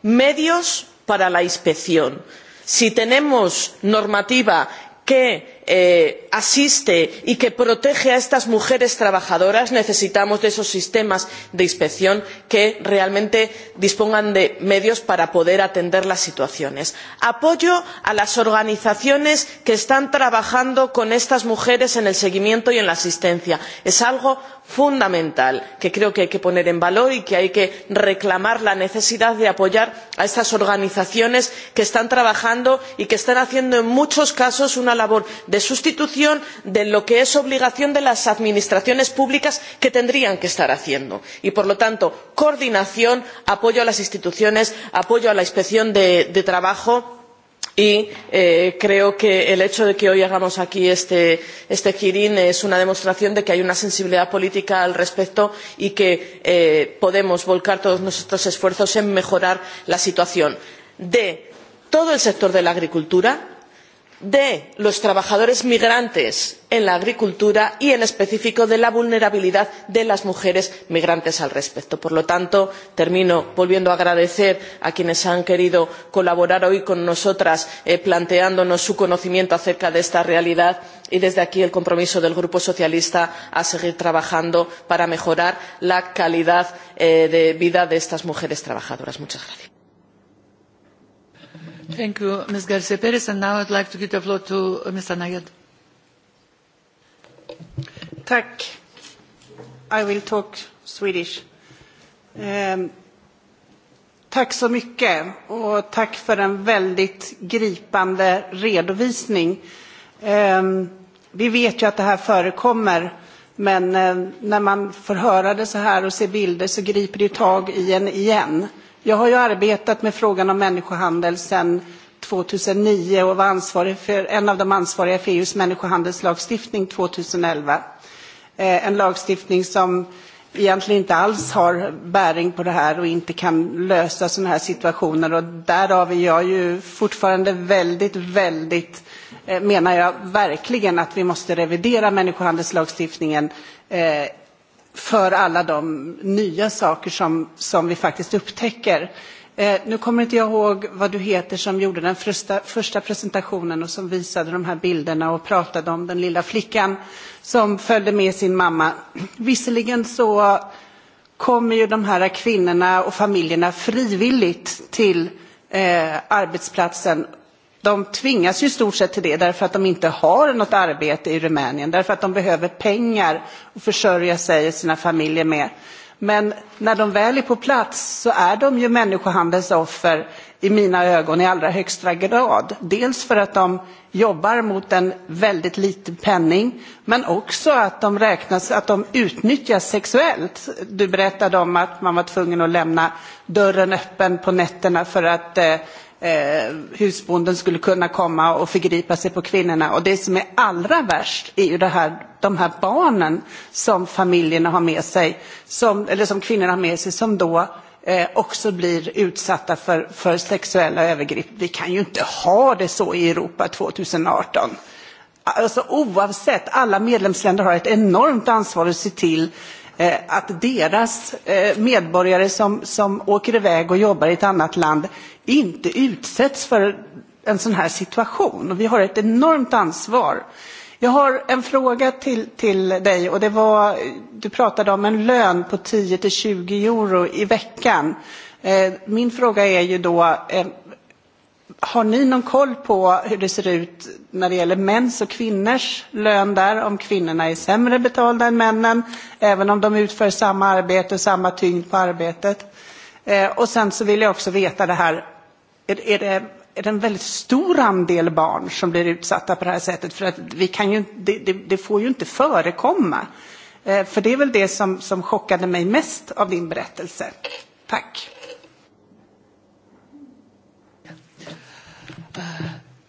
medios para la inspección si tenemos normativa que asiste y que protege a estas mujeres trabajadoras necesitamos de esos sistemas de inspección que realmente dispongan de medios para poder atender las situaciones. apoyo a las organizaciones que están trabajando con estas mujeres en el seguimiento y en la asistencia es algo fundamental que creo que hay que poner en valor y que hay que reclamar la necesidad de apoyar a estas organizaciones que están trabajando y que están haciendo en muchos casos una labor de sustitución de lo que es obligación de las administraciones públicas que tendrían que estar haciendo y por lo tanto coordinación apoyo a las instituciones apoyo a la inspección de trabajo y y creo que el hecho de que hoy hagamos aquí este hearing es una demostración de que hay una sensibilidad política al respecto y de que podemos volcar todos nuestros esfuerzos en mejorar la situación de todo el sector de la agricultura de los trabajadores migrantes en la agricultura y en específico de la vulnerabilidad de las mujeres migrantes al respecto. por lo tanto termino volviendo a agradecer a quienes han querido colaborar hoy con nosotras planteándonos su conocimiento acerca de esta realidad y desde aquí el compromiso del grupo socialista a seguir trabajando para mejorar la calidad de vida de estas mujeres trabajadoras. Thank you, Ms. And now I'd like to give the floor to Mr. Tack. I will talk Swedish. Tack så mycket och tack för en väldigt gripande redovisning. Vi vet ju att det här förekommer, men när man får höra det så här och ser bilder så griper det tag i en igen. Jag har ju arbetat med frågan om människohandel sedan 2009 och var ansvarig för, en av de ansvariga för EUs människohandelslagstiftning 2011. En lagstiftning som egentligen inte alls har bäring på det här och inte kan lösa sådana här situationer. Och därav är jag ju fortfarande väldigt, väldigt, menar jag verkligen att vi måste revidera människohandelslagstiftningen för alla de nya saker som, som vi faktiskt upptäcker. Eh, nu kommer inte jag ihåg vad du heter som gjorde den första, första presentationen och som visade de här bilderna och pratade om den lilla flickan som följde med sin mamma. Visserligen så kommer ju de här kvinnorna och familjerna frivilligt till eh, arbetsplatsen de tvingas ju i stort sett till det därför att de inte har något arbete i Rumänien, därför att de behöver pengar att försörja sig och sina familjer med. Men när de väl är på plats så är de ju människohandelns offer i mina ögon i allra högsta grad. Dels för att de jobbar mot en väldigt liten penning, men också att de, räknas, att de utnyttjas sexuellt. Du berättade om att man var tvungen att lämna dörren öppen på nätterna för att husbonden skulle kunna komma och förgripa sig på kvinnorna. Och det som är allra värst är ju det här, de här barnen som familjerna har med sig, som, eller som kvinnorna har med sig, som då också blir utsatta för, för sexuella övergrepp. Vi kan ju inte ha det så i Europa 2018. Alltså oavsett, alla medlemsländer har ett enormt ansvar att se till att deras medborgare som, som åker iväg och jobbar i ett annat land inte utsätts för en sån här situation. Vi har ett enormt ansvar. Jag har en fråga till, till dig. Och det var, du pratade om en lön på 10-20 euro i veckan. Min fråga är ju då, Har ni någon koll på hur det ser ut när det gäller mäns och kvinnors lön där? Om kvinnorna är sämre betalda än männen, även om de utför samma arbete och samma tyngd på arbetet? Och sen så vill jag också veta det här, är det är det en väldigt stor andel barn som blir utsatta på det här sättet. För att vi kan ju, det, det, det får ju inte förekomma. Eh, för det är väl det som, som chockade mig mest av din berättelse. Tack.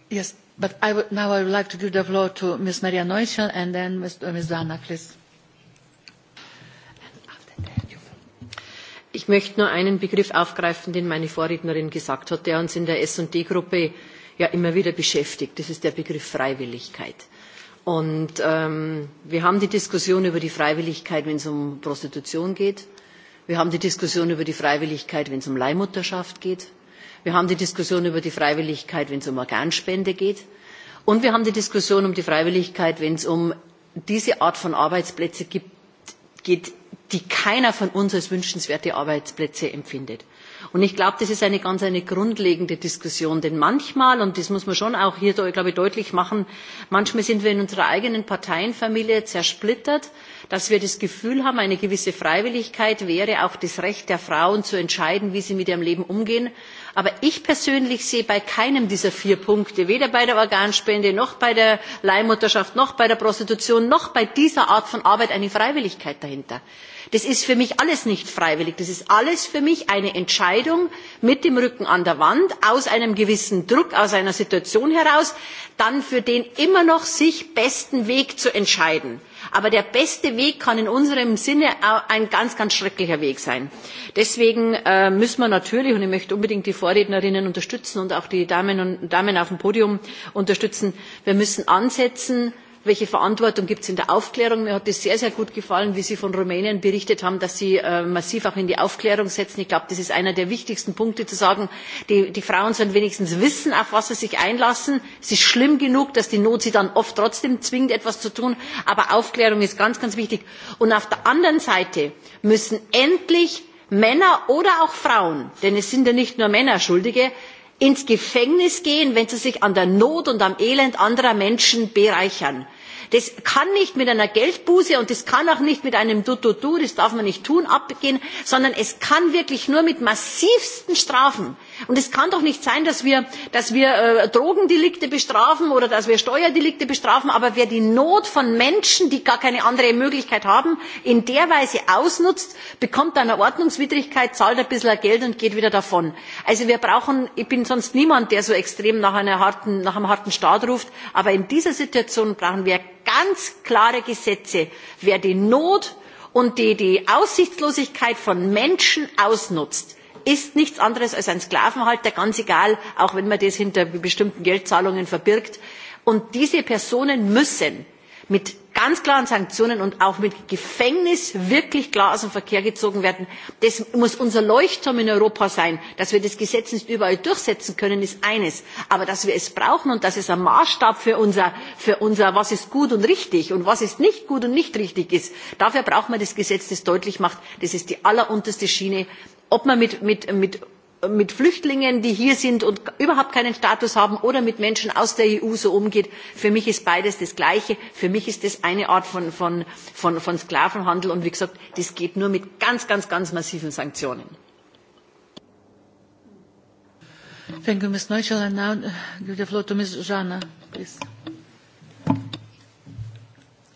yes, but I would, now I would like to give the floor to Ms. Maria Neuschel and then Ms. Dana, please. Ich möchte nur einen Begriff aufgreifen, den meine Vorrednerin gesagt hat, der uns in der S&D-Gruppe ja immer wieder beschäftigt. Das ist der Begriff Freiwilligkeit. Und wir haben die Diskussion über die Freiwilligkeit, wenn es um Prostitution geht. Wir haben die Diskussion über die Freiwilligkeit, wenn es um Leihmutterschaft geht wir haben die diskussion über die freiwilligkeit wenn es um organspende geht und wir haben die diskussion um die freiwilligkeit wenn es um diese art von arbeitsplätzen geht die keiner von uns als wünschenswerte arbeitsplätze empfindet. ich glaube das ist eine ganz grundlegende diskussion denn manchmal und das muss man schon auch hier deutlich machen manchmal sind wir in unserer eigenen parteienfamilie zersplittert dass wir das gefühl haben eine gewisse freiwilligkeit wäre auch das recht der frauen zu entscheiden wie sie mit ihrem leben umgehen. Aber ich persönlich sehe bei keinem dieser vier Punkte, weder bei der Organspende noch bei der Leihmutterschaft noch bei der Prostitution noch bei dieser Art von Arbeit eine Freiwilligkeit dahinter. Das ist für mich alles nicht freiwillig. Das ist alles für mich eine Entscheidung mit dem Rücken an der Wand, aus einem gewissen Druck, aus einer Situation heraus, dann für den immer noch sich besten Weg zu entscheiden. Aber der beste Weg kann in unserem Sinne auch ein ganz, ganz schrecklicher Weg sein. Deswegen müssen wir natürlich, und ich möchte unbedingt die Vorrednerinnen unterstützen und auch die Damen, und Damen auf dem Podium unterstützen, wir müssen ansetzen, welche Verantwortung gibt es in der Aufklärung? Mir hat es sehr, sehr gut gefallen, wie Sie von Rumänien berichtet haben, dass Sie massiv auch in die Aufklärung setzen. Ich glaube, das ist einer der wichtigsten Punkte, zu sagen, die, Frauen sollen wenigstens wissen, auf was sie sich einlassen. Es ist schlimm genug, dass die Not sie dann oft trotzdem zwingt, etwas zu tun. Aber Aufklärung ist ganz, ganz wichtig. Und auf der anderen Seite müssen endlich Männer oder auch Frauen, denn es sind ja nicht nur Männer Schuldige, ins Gefängnis gehen, wenn sie sich an der Not und am Elend anderer Menschen bereichern. Das kann nicht mit einer Geldbuße und das kann auch nicht mit einem Du du das darf man nicht tun, abgehen, sondern es kann wirklich nur mit massivsten Strafen Und es kann doch nicht sein, dass wir, dass wir Drogendelikte bestrafen oder dass wir Steuerdelikte bestrafen, aber wer die Not von Menschen, die gar keine andere Möglichkeit haben, in der Weise ausnutzt, bekommt eine Ordnungswidrigkeit, zahlt ein bisschen Geld und geht wieder davon. Also wir brauchen, ich bin sonst niemand, der so extrem nach, einer harten, nach einem harten Staat ruft, aber in dieser Situation brauchen wir ganz klare Gesetze. Wer die Not und die, die Aussichtslosigkeit von Menschen ausnutzt, ist nichts anderes als ein Sklavenhalter, ganz egal, auch wenn man das hinter bestimmten Geldzahlungen verbirgt. Und diese Personen müssen mit ganz klaren Sanktionen und auch mit Gefängnis wirklich klar aus dem Verkehr gezogen werden. Das muss unser Leuchtturm in Europa sein. Dass wir das Gesetz nicht überall durchsetzen können, ist eines. Aber dass wir es brauchen und dass es ein Maßstab für unser, für unser was ist gut und richtig und was ist nicht gut und nicht richtig ist, dafür braucht man das Gesetz, das deutlich macht, das ist die allerunterste Schiene ob man mit flüchtlingen die hier sind und überhaupt keinen status haben oder mit menschen aus der eu so umgeht für mich ist beides das gleiche für mich ist das eine art von sklavenhandel und wie gesagt das geht nur mit ganz ganz ganz massiven sanktionen. Thank you, Ms. And now give the floor to Ms. Jana, please.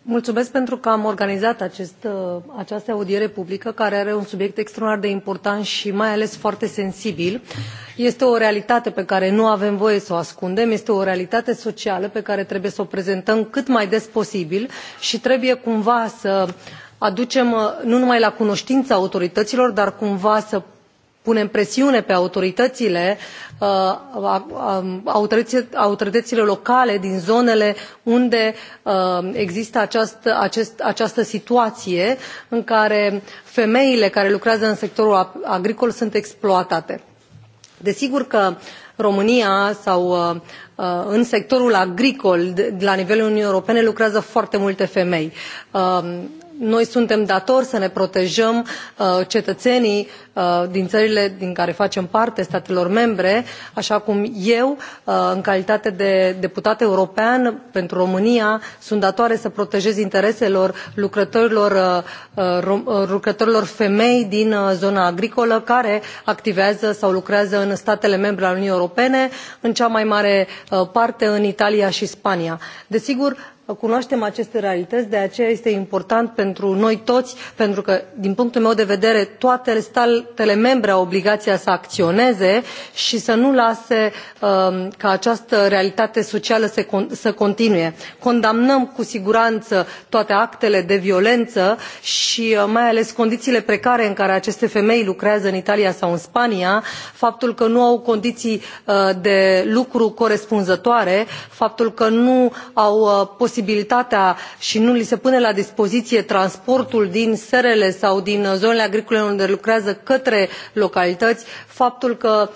Mulțumesc pentru că am organizat acest, această audiere publică, care are un subiect extraordinar de important și mai ales foarte sensibil. Este o realitate pe care nu avem voie să o ascundem, este o realitate socială pe care trebuie să o prezentăm cât mai des posibil și trebuie cumva să aducem nu numai la cunoștința autorităților, dar cumva să punem presiune pe autoritățile, autoritățile locale din zonele unde există această situație în care femeile care lucrează în sectorul agricol sunt exploatate. Desigur că România sau în sectorul agricol la nivelul Uniunii Europene lucrează foarte multe femei noi suntem datori să ne protejăm cetățenii din țările din care facem parte, statelor membre, așa cum eu, în calitate de deputat european pentru România, sunt datoare să protejez intereselor lucrătorilor, lucrătorilor femei din zona agricolă care activează sau lucrează în statele membre ale Uniunii Europene, în cea mai mare parte în Italia și Spania. Desigur, cunoaștem aceste realități, de aceea este important pentru noi toți, pentru că, din punctul meu de vedere, toate statele membre au obligația să acționeze și să nu lase ca această realitate socială să continue. Condamnăm cu siguranță toate actele de violență și mai ales condițiile precare în care aceste femei lucrează în Italia sau în Spania, faptul că nu au condiții de lucru corespunzătoare, faptul că nu au posibilitatea posibilitatea și nu li se pune la dispoziție transportul din serele sau din zonele agricole unde lucrează către localități faptul că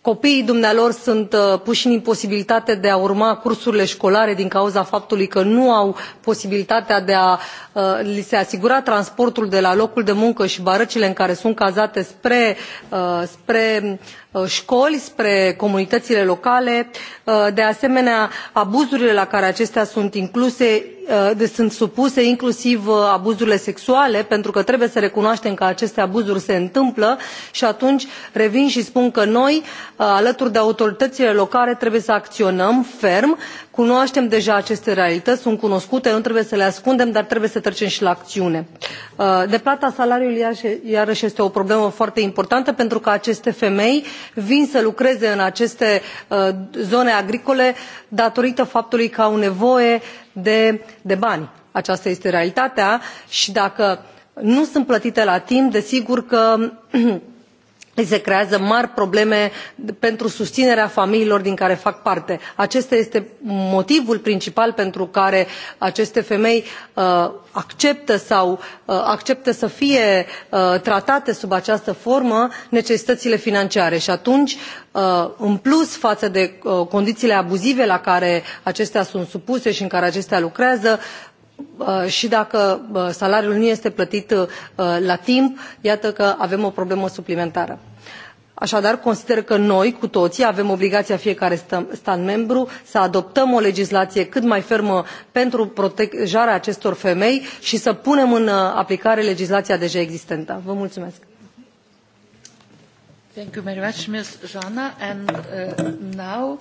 copiii dumnealor sunt puși în imposibilitate de a urma cursurile școlare din cauza faptului că nu au posibilitatea de a li se asigura transportul de la locul de muncă și barăcile în care sunt cazate spre școli spre comunitățile locale de asemenea abuzurile la care acestea sunt incluse sunt supuse inclusiv abuzurile sexuale pentru că trebuie să recunoaștem că aceste abuzuri se întâmplă și atunci revin și spun că noi alături de autoritățile locale trebuie să acționăm ferm Cunoaștem deja aceste realități, sunt cunoscute, nu trebuie să le ascundem, dar trebuie să trecem și la acțiune. Deplata salariului iarăși este o problemă foarte importantă pentru că aceste femei vin să lucreze în aceste zone agricole datorită faptului că au nevoie de, de bani. Aceasta este realitatea și dacă nu sunt plătite la timp, desigur că se creează mari probleme pentru susținerea familiilor din care fac parte. acesta este motivul principal pentru care aceste femei acceptă sau acceptă să fie tratate sub această formă necesitățile financiare și atunci în plus față de condițiile abuzive la care acestea sunt supuse și în care acestea lucrează și dacă salariul nu este plătit la timp, iată că avem o problemă suplimentară. Așadar, consider că noi, cu toții, avem obligația fiecare stat membru să adoptăm o legislație cât mai fermă pentru protejarea acestor femei și să punem în aplicare legislația deja existentă. Vă mulțumesc! Thank you very much, Ms. And uh, now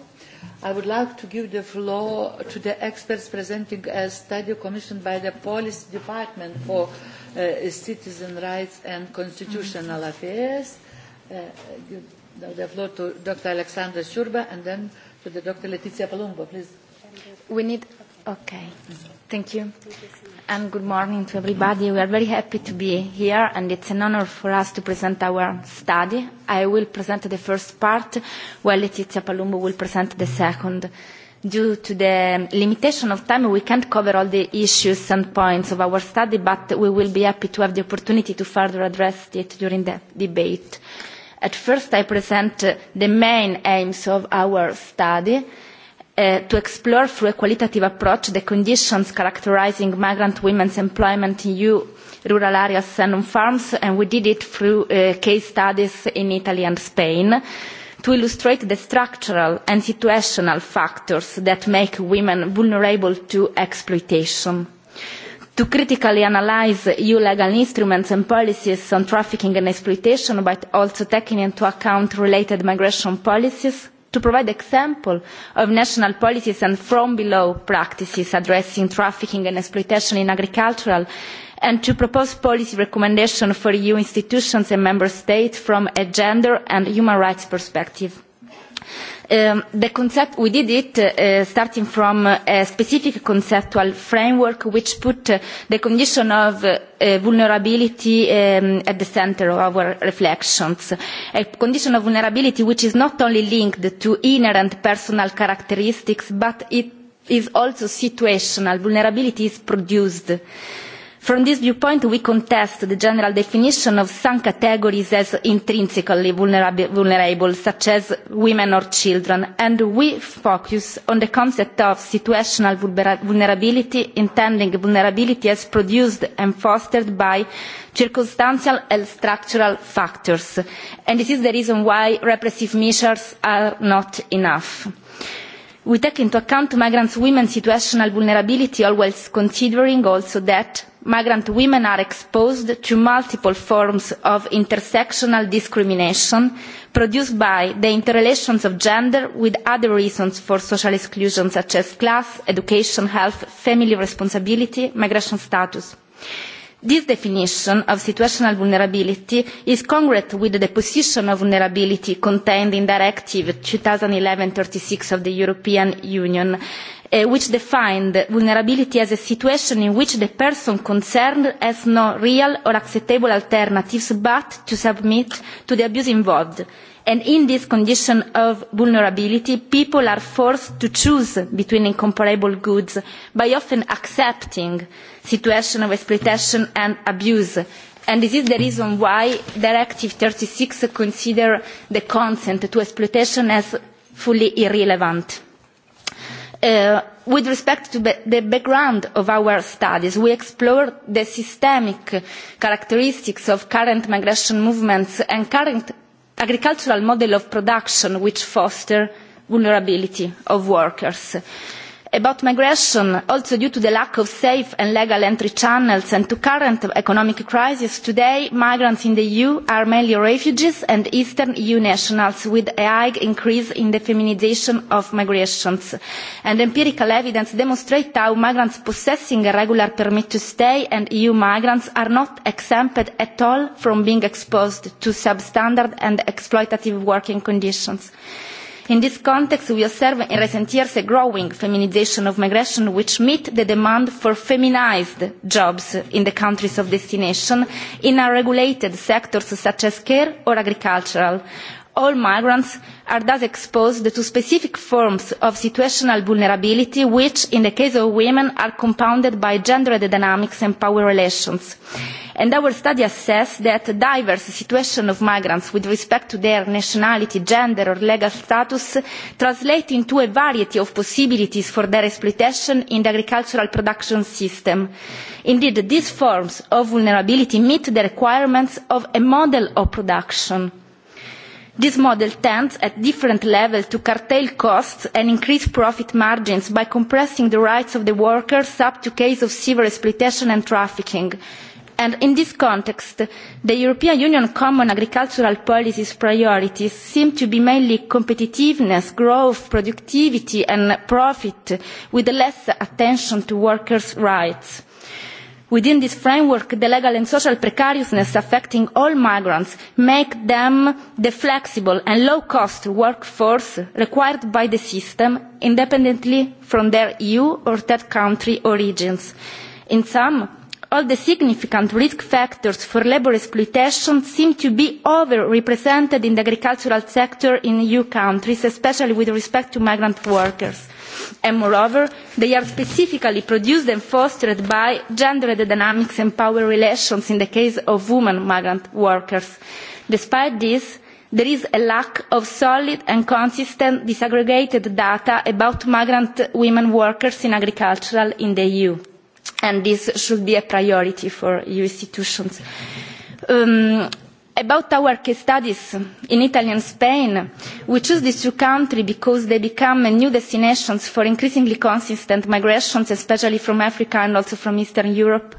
I would like to give the floor to the experts presenting a study commissioned by the Policy Department for uh, Citizen Rights and Constitutional Affairs. Uh, give the floor to Dr. Alexandra Shurba and then to the Dr. Letizia Palumbo, please. We need, okay, thank you and good morning to everybody. We are very happy to be here, and it's an honor for us to present our study. I will present the first part, while Letizia Palumbo will present the second. Due to the limitation of time, we can't cover all the issues and points of our study, but we will be happy to have the opportunity to further address it during the debate. At first, I present the main aims of our study, to explore through a qualitative approach the conditions characterising migrant women's employment in EU rural areas and on farms, and we did it through case studies in Italy and Spain to illustrate the structural and situational factors that make women vulnerable to exploitation. To critically analyse EU legal instruments and policies on trafficking and exploitation, but also taking into account related migration policies, to provide examples of national policies and from below practices addressing trafficking and exploitation in agricultural and to propose policy recommendations for eu institutions and member states from a gender and human rights perspective the concept, we did it starting from a specific conceptual framework which put the condition of vulnerability at the centre of our reflections. A condition of vulnerability which is not only linked to inherent personal characteristics but it is also situational. Vulnerability is produced From this viewpoint, we contest the general definition of some categories as intrinsically vulnerable, such as women or children, and we focus on the concept of situational vulnerability, intending vulnerability as produced and fostered by circumstantial and structural factors. And this is the reason why repressive measures are not enough We take into account migrant women's situational vulnerability, always considering also that migrant women are exposed to multiple forms of intersectional discrimination produced by the interrelations of gender with other reasons for social exclusion such as class, education, health, family responsibility, migration status. This definition of situational vulnerability is congruent with the position of vulnerability contained in Directive thirty six of the European Union which defined vulnerability as a situation in which the person concerned has no real or acceptable alternatives but to submit to the abuse involved. And in this condition of vulnerability, people are forced to choose between incomparable goods by often accepting situations of exploitation and abuse. And this is the reason why Directive thirty six considers the consent to exploitation as fully irrelevant with respect to the background of our studies, we explored the systemic characteristics of current migration movements and current agricultural model of production which foster vulnerability of workers. Uh, about migration also due to the lack of safe and legal entry channels and to the current economic crisis today migrants in the eu are mainly refugees and eastern eu nationals with a high increase in the feminisation of migrations and empirical evidence demonstrates how migrants possessing a regular permit to stay and eu migrants are not exempted at all from being exposed to substandard and exploitative working conditions. In this context, we observe in recent years a growing feminization of migration, which meet the demand for feminized jobs in the countries of destination in unregulated sectors such as care or agricultural, all migrants are thus exposed to specific forms of situational vulnerability which in the case of women are compounded by gender dynamics and power relations. And our study assessed that the diverse situation of migrants with respect to their nationality, gender or legal status translates into a variety of possibilities for their exploitation in the agricultural production system. Indeed, these forms of vulnerability meet the requirements of a model of production This model tends at different levels to curtail costs and increase profit margins by compressing the rights of the workers up to cases of severe exploitation and trafficking. And in this context, the European Union Common Agricultural Policy's priorities seem to be mainly competitiveness, growth, productivity and profit, with less attention to workers' rights Within this framework, the legal and social precariousness affecting all migrants makes them the flexible and low-cost workforce required by the system independently from their EU or third country origins. In some, all the significant risk factors for labour exploitation seem to be overrepresented in the agricultural sector in EU countries, especially with respect to migrant workers. And moreover, they are specifically produced and fostered by gender dynamics and power relations in the case of women migrant workers. Despite this, there is a lack of solid and consistent disaggregated data about migrant women workers in agriculture in the EU and this should be a priority for EU institutions. about our case studies in Italy and Spain, we choose these two countries because they become new destinations for increasingly consistent migrations, especially from Africa and also from Eastern Europe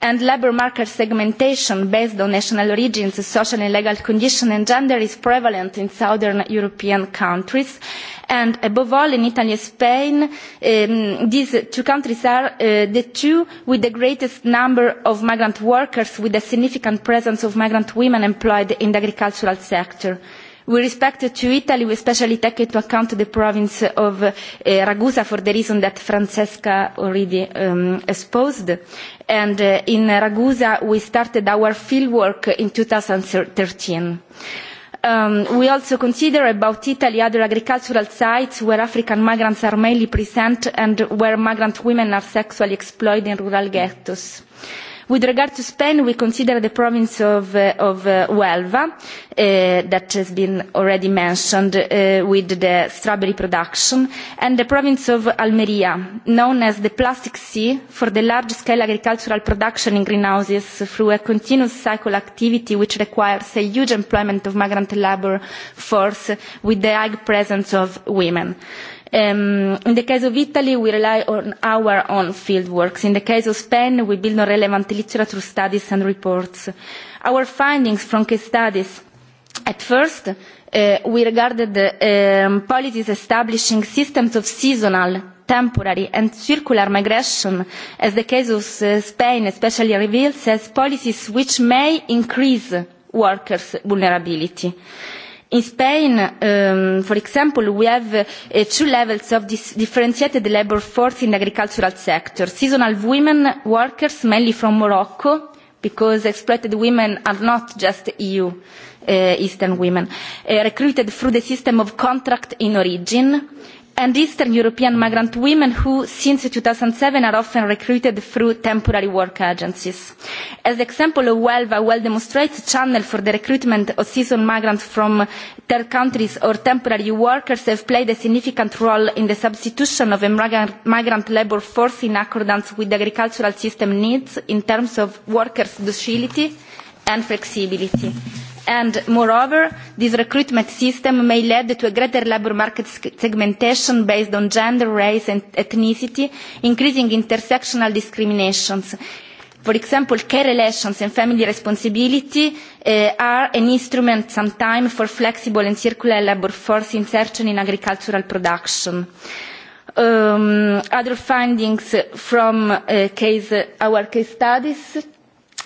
and labour market segmentation based on national origins, social and legal conditions and gender is prevalent in southern European countries. And above all, in Italy and Spain, these two countries are the two with the greatest number of migrant workers with a significant presence of migrant women employed in the agricultural sector With respect to Italy, we especially take into account the province of Ragusa for the reason that Francesca already exposed. And in Ragusa, we started our fieldwork in 2013. Um, we also consider about Italy other agricultural sites where African migrants are mainly present and where migrant women are sexually exploited in rural ghettos. With regard to Spain, we consider the province of, Huelva, that has been already mentioned, with the strawberry production, and the province of Almeria, known as the plastic sea for the large-scale agricultural production in greenhouses through a continuous cycle activity which requires a huge employment of migrant labour force with the high presence of women Um, in the case of Italy, we rely on our own fieldworks. In the case of Spain, we build on relevant literature studies and reports. Our findings from case studies, at first, uh, we regarded the um, policies establishing systems of seasonal temporary and circular migration, as the case of Spain especially reveals, as policies which may increase workers' vulnerability. In Spain, um, for example, we have uh, two levels of dis- differentiated labour force in the agricultural sector. Seasonal women workers, mainly from Morocco, because exploited women are not just EU uh, Eastern women, uh, recruited through the system of contract in origin, and Eastern European migrant women who, since two thousand seven are often recruited through temporary work agencies. As the example of WELVA well demonstrates, channel for the recruitment of seasonal migrants from third countries or temporary workers have played a significant role in the substitution of a migrant labour force in accordance with agricultural system needs in terms of workers' docility and flexibility and moreover, this recruitment system may lead to a greater labour market segmentation based on gender, race and ethnicity, increasing intersectional discriminations. For example, care relations and family responsibility uh, are an instrument sometimes for flexible and circular labour force insertion in agricultural production um, other findings from uh, case, our case studies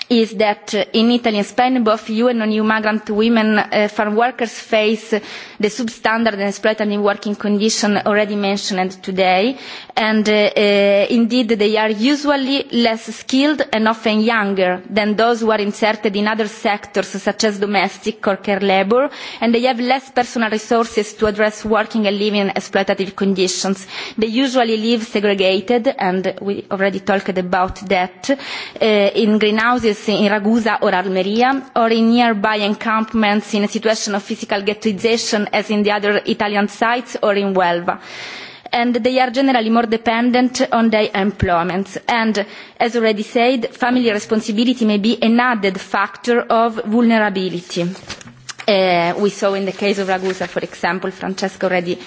is that in Italy and Spain, both EU and non-EU migrant women uh, farm workers face the substandard and exploitative working conditions already mentioned today. And uh, uh, indeed, they are usually less skilled and often younger than those who are inserted in other sectors, such as domestic or care labour, and they have less personal resources to address working and living exploitative conditions. They usually live segregated, and we already talked about that, uh, in greenhouses villages in Ragusa or Almeria, or in nearby encampments in a situation of physical ghettoization as in the other Italian sites or in Huelva and they are generally more dependent on their employment. And as already said, family responsibility may be an added factor of vulnerability. Uh, we saw in the case of Ragusa, for example, Francesca already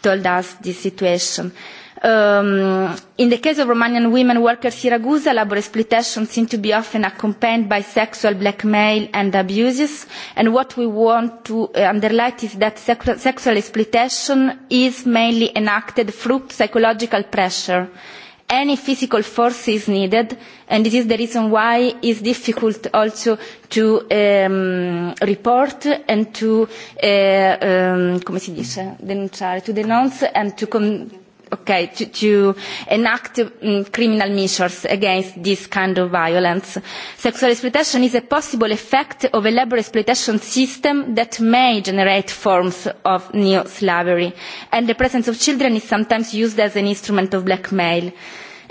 told us this situation. Uh, in the case of Romanian women workers in Ragusa, labour exploitation seems to be often accompanied by sexual blackmail and abuses. And what we want to underline is that sexual exploitation is mainly enacted through psychological pressure. Any physical force is needed, and this is the reason why it is difficult also to report and to, come si dice, denunciare, to denounce and to okay, to, to enact um, criminal measures against this kind of violence. Sexual exploitation is a possible effect of a labour exploitation system that may generate forms of neo-slavery, and the presence of children is sometimes used as an instrument of blackmail.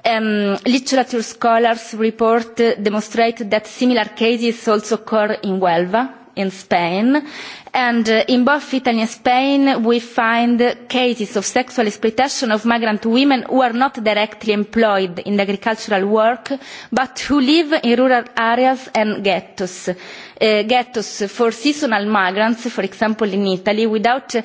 Um, literature scholars report uh, demonstrate that similar cases also occur in Huelva, in Spain. And in both Italy and Spain, we find cases of sexual exploitation of migrant women who are not directly employed in agricultural work, but who live in rural areas and ghettos. ghettos for seasonal migrants, for example, in Italy, without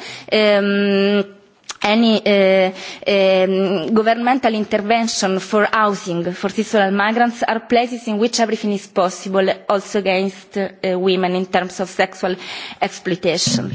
any uh, um, governmental intervention for housing for seasonal migrants are places in which everything is possible, also against uh, women in terms of sexual exploitation.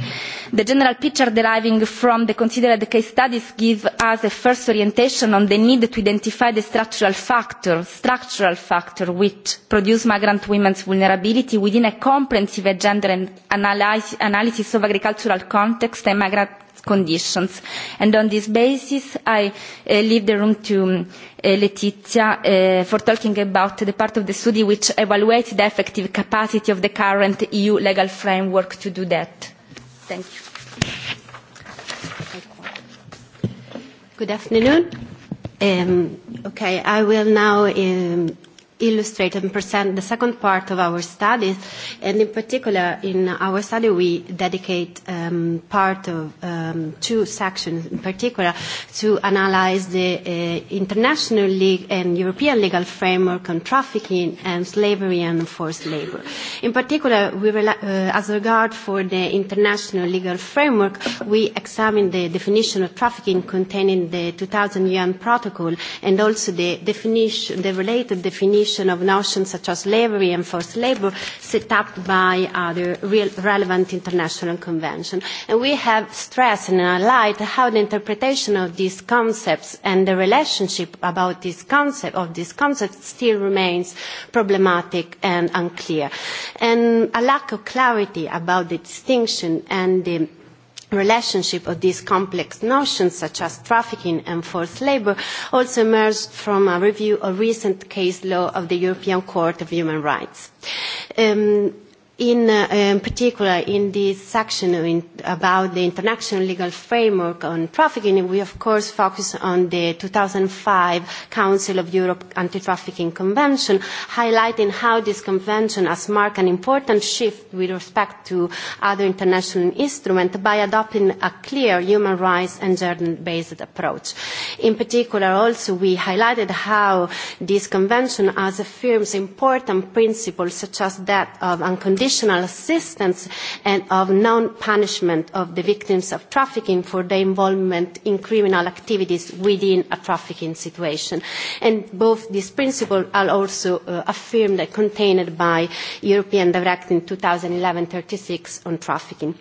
The general picture deriving from the considered case studies gives us a first orientation on the need to identify the structural factor, structural factor which produce migrant women's vulnerability within a comprehensive gender analysis of agricultural context and migrant conditions. And on this basis, I uh, leave the room to um, uh, Letizia uh, for talking about the part of the study which evaluates the effective capacity of the current EU legal framework to do that. Thank you. Good afternoon. Um, okay, I will now um, illustrate and present the second part of our studies. And in particular, in our study, we dedicate um, part of um, two sections in particular to analyze the uh, international league and European legal framework on trafficking and slavery and forced labor. In particular, we rely, uh, as regard for the international legal framework, we examine the definition of trafficking contained in the 2000 UN protocol and also the definition, the related definition definition of notions such as slavery and forced labor set up by other real relevant international convention. And we have stressed and light how the interpretation of these concepts and the relationship about this concept of these concepts still remains problematic and unclear. And a lack of clarity about the distinction and the relationship of these complex notions such as trafficking and forced labour also emerged from a review of recent case law of the European Court of Human Rights. Um, in, uh, in particular in this section in, about the international legal framework on trafficking, we of course focus on the 2005 Council of Europe Anti-Trafficking Convention, highlighting how this convention has marked an important shift with respect to other international instruments by adopting a clear human rights and gender-based approach. In particular, also we highlighted how this convention has affirms important principles such as that of unconditional additional assistance and of non-punishment of the victims of trafficking for their involvement in criminal activities within a trafficking situation. And both these principles are also affirmed and contained by European Directive 2011-36 on trafficking.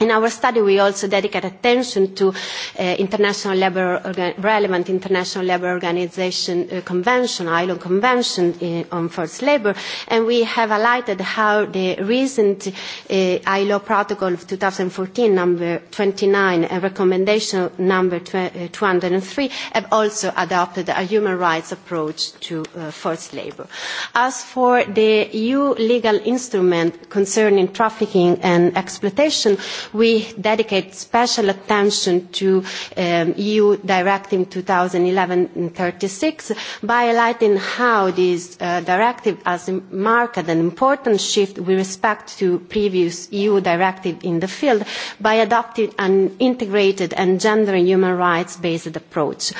In our study, we also dedicate attention to international labor relevant international labour organisation convention, ILO convention on forced labour, and we have highlighted how the recent ILO protocol of 2014, number 29, and recommendation number 203 have also adopted a human rights approach to forced labour. As for the EU legal instrument concerning trafficking and exploitation, we dedicate special attention to um, EU Directive 2011-36 by highlighting how this uh, directive has marked an important shift with respect to previous EU directive in the field by adopting an integrated and gender and human rights-based approach.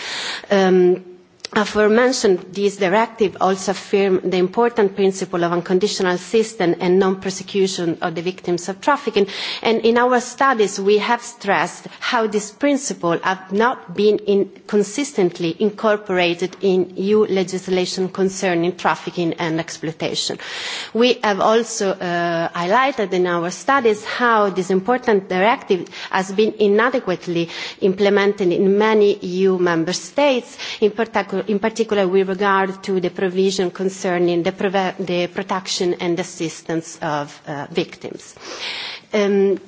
Um, aforementioned this directive also affirms the important principle of unconditional assistance and non-prosecution of the victims of trafficking. And in our studies, we have stressed how this principle has not been consistently incorporated in EU legislation concerning trafficking and exploitation. We have also highlighted in our studies how this important directive has been inadequately implemented in many EU member states, in particular in particular with regard to the provision concerning the, preve- the protection and assistance of uh, victims. Um,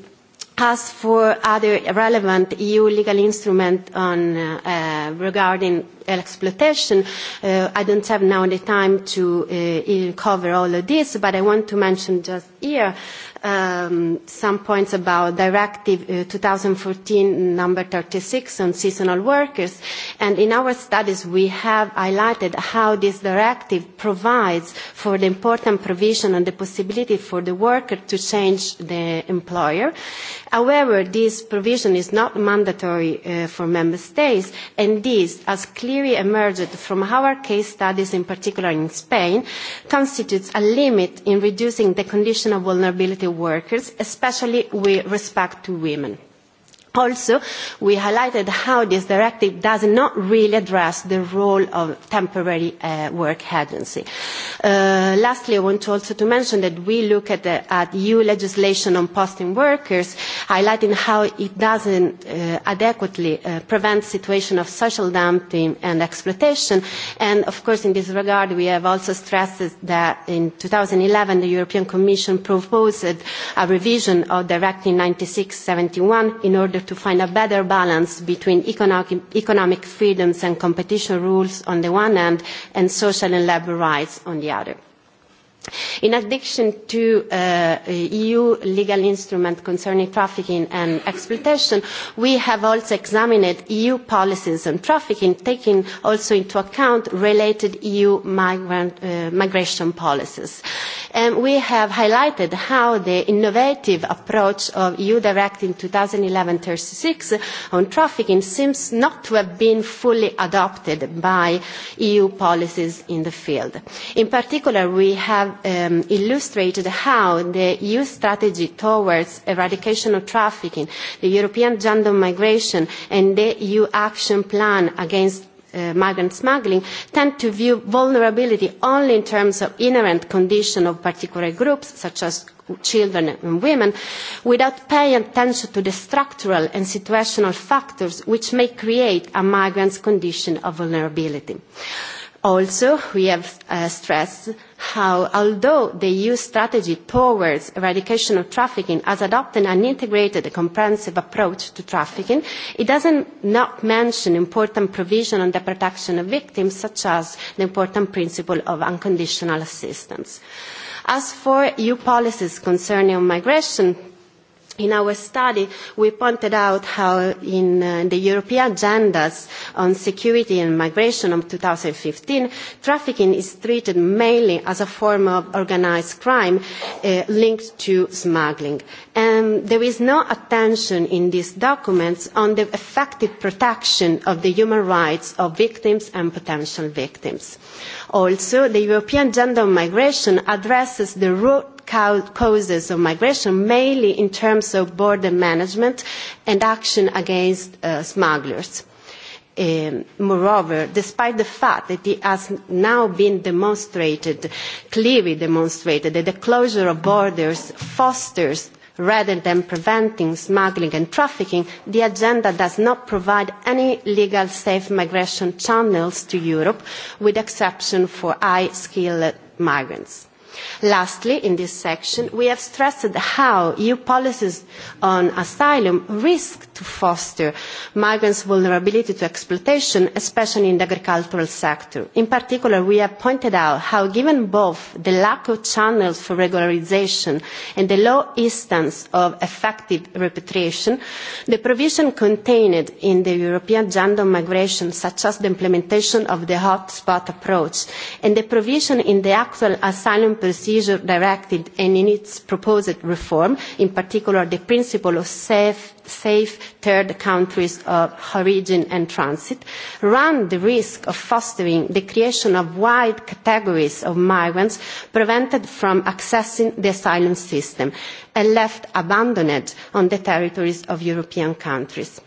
as for other relevant EU legal instruments on, uh, uh, regarding exploitation, uh, I don't have now the time to uh, cover all of this, but I want to mention just here some points about Directive uh, 2014 number 36 on seasonal workers. And in our studies, we have highlighted how this directive provides for the important provision and the possibility for the worker to change the employer. However, this provision is not mandatory uh, for member states, and this, as clearly emerged from our case studies, in particular in Spain, constitutes a limit in reducing the condition of vulnerability workers, especially with respect to women. Also, we highlighted how this directive does not really address the role of temporary work agency. lastly, I want to also to mention that we look at, the, at EU legislation on posting workers, highlighting how it doesn't adequately prevent situations of social dumping and exploitation. And of course, in this regard, we have also stressed that in eleven the European Commission proposed a revision of Directive ninety six seventy one in order order to find a better balance between economic freedoms and competition rules on the one hand and social and labour rights on the other. In addition to EU legal instruments concerning trafficking and exploitation, we have also examined EU policies on trafficking, taking also into account related EU migration policies we have highlighted how the innovative approach of EU Directive 2011-36 on trafficking seems not to have been fully adopted by EU policies in the field. In particular, we have illustrated how the EU strategy towards eradication of trafficking, the European gender migration, and the EU action plan against migrant smuggling tend to view vulnerability only in terms of inherent condition of particular groups such as children and women without paying attention to the structural and situational factors which may create a migrant's condition of vulnerability. Also, we have stressed how, although the EU strategy towards eradication of trafficking has adopted an integrated and comprehensive approach to trafficking, it does not mention important provision on the protection of victims, such as the important principle of unconditional assistance. As for EU policies concerning migration, In our study, we pointed out how in uh, the European agendas on security and migration of 2015, trafficking is treated mainly as a form of organized crime uh, linked to smuggling. And there is no attention in these documents on the effective protection of the human rights of victims and potential victims. Also, the European agenda on migration addresses the root causes of migration, mainly in terms of border management and action against smugglers. moreover, despite the fact that it has now been demonstrated, clearly demonstrated, that the closure of borders fosters rather than preventing smuggling and trafficking, the agenda does not provide any legal safe migration channels to Europe, with exception for high-skilled migrants Lastly, in this section, we have stressed how EU policies on asylum risk to foster migrants' vulnerability to exploitation, especially in the agricultural sector. In particular, we have pointed out how given both the lack of channels for regularisation and the low instance of effective repatriation, the provision contained in the European agenda on migration, such as the implementation of the hotspot approach, and the provision in the actual asylum Procedure Directive and in its proposed reform, in particular the principle of safe, safe third countries of origin and transit, run the risk of fostering the creation of wide categories of migrants prevented from accessing the asylum system and left abandoned on the territories of European countries.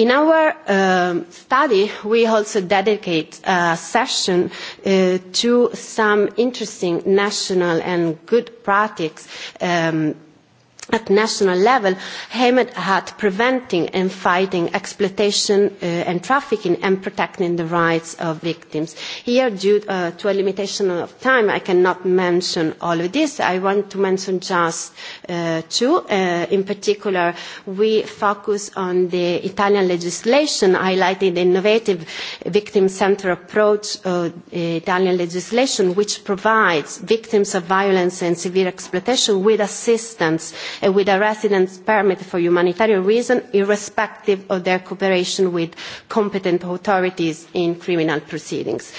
In our study, we also dedicate a session to some interesting national and good practices at national level aimed at preventing and fighting exploitation and trafficking and protecting the rights of victims. Here, due to a limitation of time, I cannot mention all of this. I want to mention just two. in particular, we focus on the Italian legislation, highlighting the innovative victim-centered approach of Italian legislation, which provides victims of violence and severe exploitation with assistance with a residence permit for humanitarian reasons irrespective of their cooperation with competent authorities in criminal proceedings.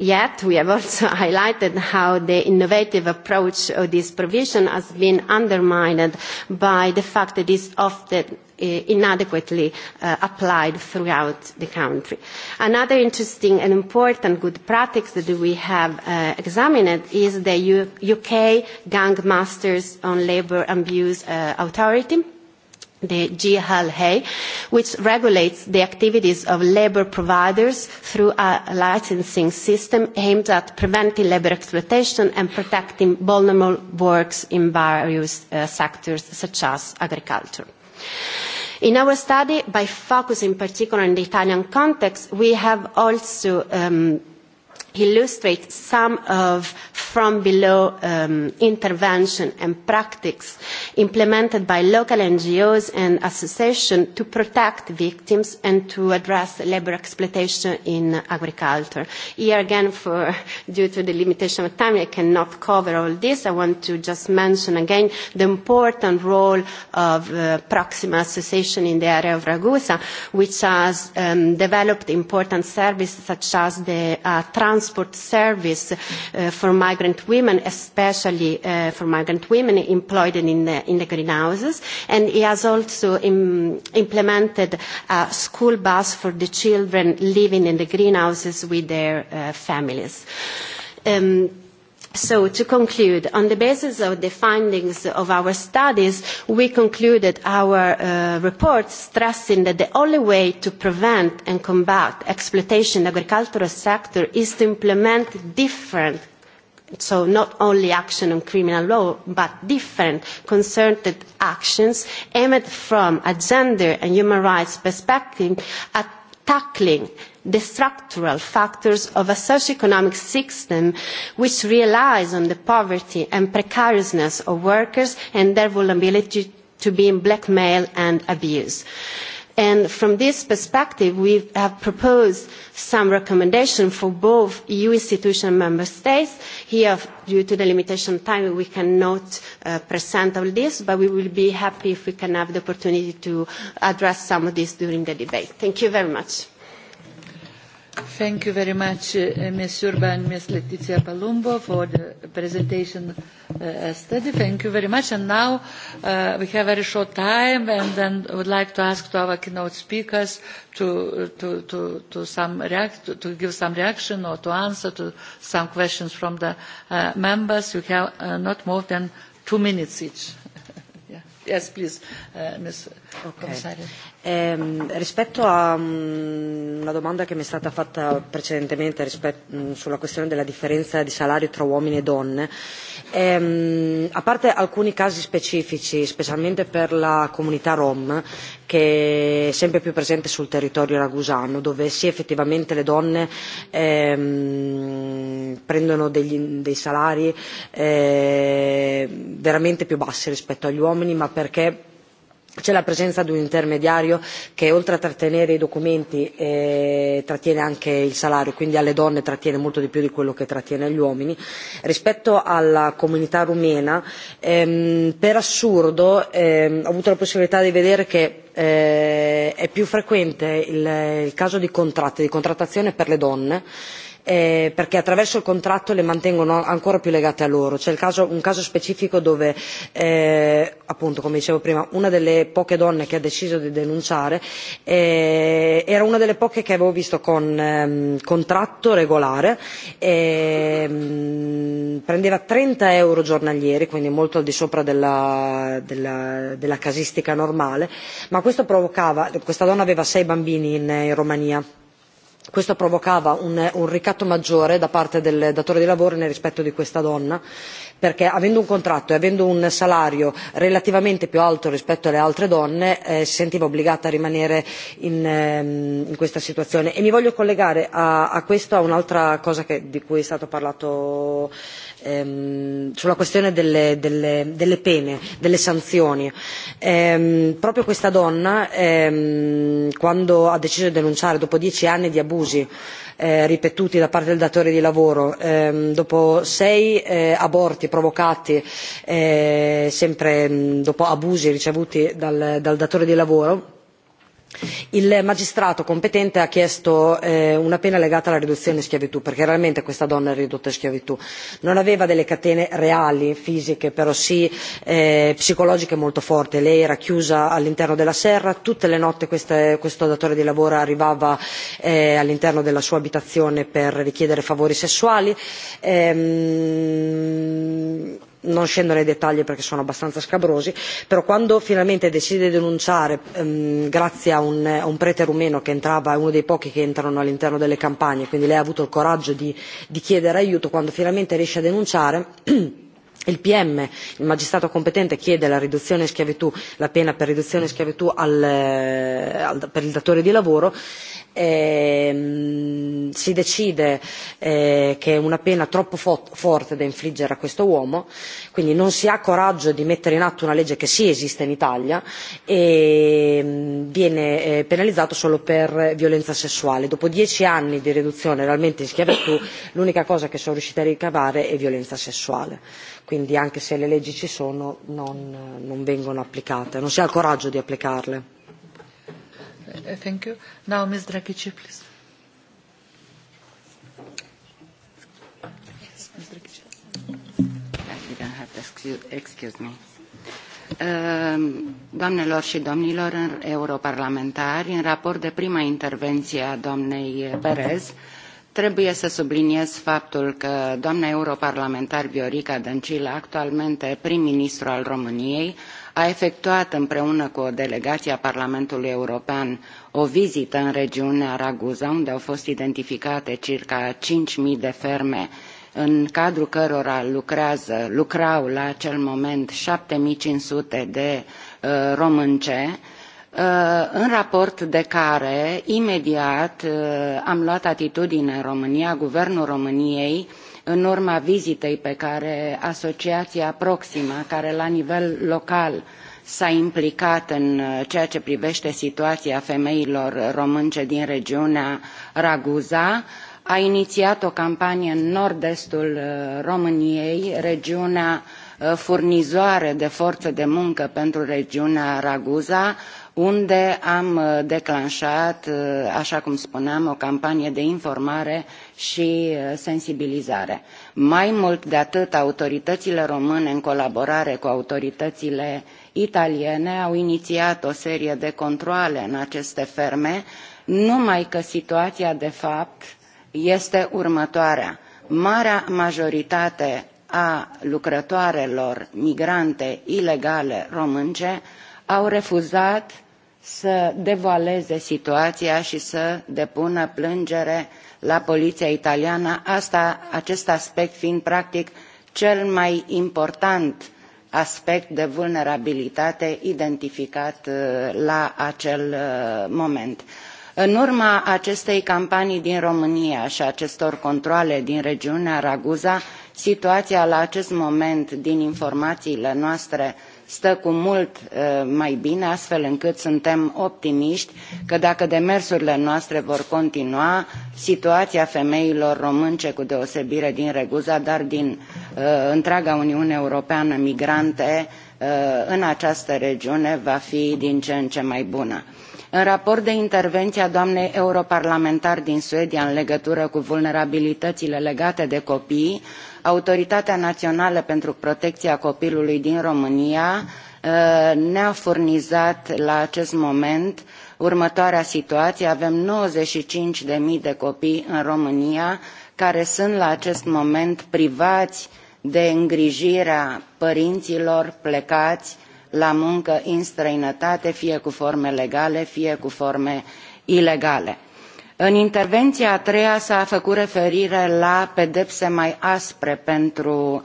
Yet we have also highlighted how the innovative approach of this provision has been undermined by the fact that it is often inadequately applied throughout the country. Another interesting and important good practice that we have examined is the UK gangmasters on Labour Abuse Authority the GHAL-HEI, which regulates the activities of labour providers through a licensing system aimed at preventing labour exploitation and protecting vulnerable works in various sectors such as agriculture. In our study, by focusing particularly on the Italian context, we have also um illustrate some of from below um, intervention and practices implemented by local NGOs and associations to protect victims and to address labour exploitation in agriculture. Here again, for, due to the limitation of time, I cannot cover all this. I want to just mention again the important role of uh, Proxima Association in the area of Ragusa, which has um, developed important services such as the uh, trans transport service for migrant women, especially for migrant women employed in the, greenhouses. And he has also implemented a school bus for the children living in the greenhouses with their families. Um, So to conclude, on the basis of the findings of our studies, we concluded our report stressing that the only way to prevent and combat exploitation in the agricultural sector is to implement different so not only action on criminal law, but different concerted actions aimed from a gender and human rights perspective at tackling the structural factors of a socio economic system which relies on the poverty and precariousness of workers and their vulnerability to being blackmailed and abused. And from this perspective, we have proposed some recommendations for both EU institutions and member states. Here, due to the limitation of time, we cannot present all this, but we will be happy if we can have the opportunity to address some of this during the debate. Thank you very much. Thank you very much, Ms. Urban, Ms. Letizia Palumbo, for the presentation study. Thank you very much. And now we have very short time, and then I would like to ask to our keynote speakers to, to, to, to, some react, to give some reaction or to answer to some questions from the uh members. You have uh not more than two minutes each. Yes, please, uh Ms. Okay rispetto a una domanda che mi è stata fatta precedentemente sulla questione della differenza di salario tra uomini e donne, a parte alcuni casi specifici, specialmente per la comunità Rom, che è sempre più presente sul territorio ragusano, dove sì effettivamente le donne prendono dei salari veramente più bassi rispetto agli uomini, ma perché c'è la presenza di un intermediario che oltre a trattenere i documenti trattiene anche il salario quindi alle donne trattiene molto di più di quello che trattiene agli uomini rispetto alla comunità rumena per assurdo ho avuto la possibilità di vedere che è più frequente il caso di contratti di contrattazione per le donne perché attraverso il contratto le mantengono ancora più legate a loro. C'è un caso specifico dove, appunto, come dicevo prima, una delle poche donne che ha deciso di denunciare era una delle poche che avevo visto con contratto regolare, prendeva trenta euro giornalieri, quindi molto al di sopra della, casistica normale, ma questo provocava, questa donna aveva sei bambini in Romania, questo provocava un ricatto maggiore da parte del datore di lavoro nei confronti di questa donna perché avendo un contratto e avendo un salario relativamente più alto rispetto alle altre donne si sentiva obbligata a rimanere in questa situazione e mi voglio collegare a questo a un'altra cosa di cui è stato parlato sulla questione delle pene delle sanzioni proprio questa donna quando ha deciso di denunciare dopo dieci anni di abusi ripetuti da parte del datore di lavoro dopo sei aborti provocati sempre dopo abusi ricevuti dal datore di lavoro il magistrato competente ha chiesto una pena legata alla riduzione in schiavitù perché realmente questa donna è ridotta in schiavitù non aveva delle catene reali fisiche però sì psicologiche molto forti lei era chiusa all'interno della serra tutte le notti questo datore di lavoro arrivava all'interno della sua abitazione per richiedere favori sessuali non scendo nei dettagli perché sono abbastanza scabrosi però quando finalmente decide di denunciare grazie a un, prete rumeno che entrava è uno dei pochi che entrano all'interno delle campagne quindi lei ha avuto il coraggio di, di chiedere aiuto quando finalmente riesce a denunciare il pm il magistrato competente chiede la riduzione in schiavitù la pena per riduzione in schiavitù per il datore di lavoro si decide che è una pena troppo forte da infliggere a questo uomo quindi non si ha coraggio di mettere in atto una legge che sì esiste in Italia e viene penalizzato solo per violenza sessuale dopo dieci anni di riduzione realmente in schiavitù l'unica cosa che sono riusciti a ricavare è violenza sessuale quindi anche se le leggi ci sono non vengono applicate non si ha il coraggio di applicarle Thank you. Now, Ms. Dragici, please. excuse me. Doamnelor și domnilor europarlamentari, în raport de prima intervenție a doamnei Perez, trebuie să subliniez faptul că doamna europarlamentar Viorica Dăncilă, actualmente prim-ministru al României, a efectuat împreună cu o delegație a Parlamentului European o vizită în regiunea Raguza, unde au fost identificate circa 5.000 de ferme în cadrul cărora lucrează, lucrau la acel moment 7500 de uh, românce, în raport de care imediat am luat atitudine în România, guvernul României în urma vizitei pe care Asociația Proxima, care la nivel local s-a implicat în ceea ce privește situația femeilor românce din regiunea Raguza, a inițiat o campanie în nord-estul României, regiunea furnizoare de forță de muncă pentru regiunea Raguza, unde am declanșat, așa cum spuneam, o campanie de informare și sensibilizare. Mai mult de atât, autoritățile române, în colaborare cu autoritățile italiene, au inițiat o serie de controale în aceste ferme, numai că situația, de fapt, este următoarea. Marea majoritate a lucrătoarelor migrante ilegale românce au refuzat să devaleze situația și să depună plângere la poliția italiană, asta, acest aspect fiind practic cel mai important aspect de vulnerabilitate identificat la acel moment. În urma acestei campanii din România și acestor controle din regiunea Raguza, situația la acest moment, din informațiile noastre, stă cu mult mai bine, astfel încât suntem optimiști că dacă demersurile noastre vor continua, situația femeilor românce, cu deosebire din Reguza, dar din întreaga Uniune Europeană migrante, în această regiune va fi din ce în ce mai bună. În raport de intervenția doamnei europarlamentar din Suedia în legătură cu vulnerabilitățile legate de copii, Autoritatea Națională pentru Protecția Copilului din România ne-a furnizat la acest moment următoarea situație. Avem cinci de mii de copii în România care sunt la acest moment privați de îngrijirea părinților plecați la muncă în străinătate, fie cu forme legale, fie cu forme ilegale În intervenția a treia s-a făcut referire la pedepse mai aspre pentru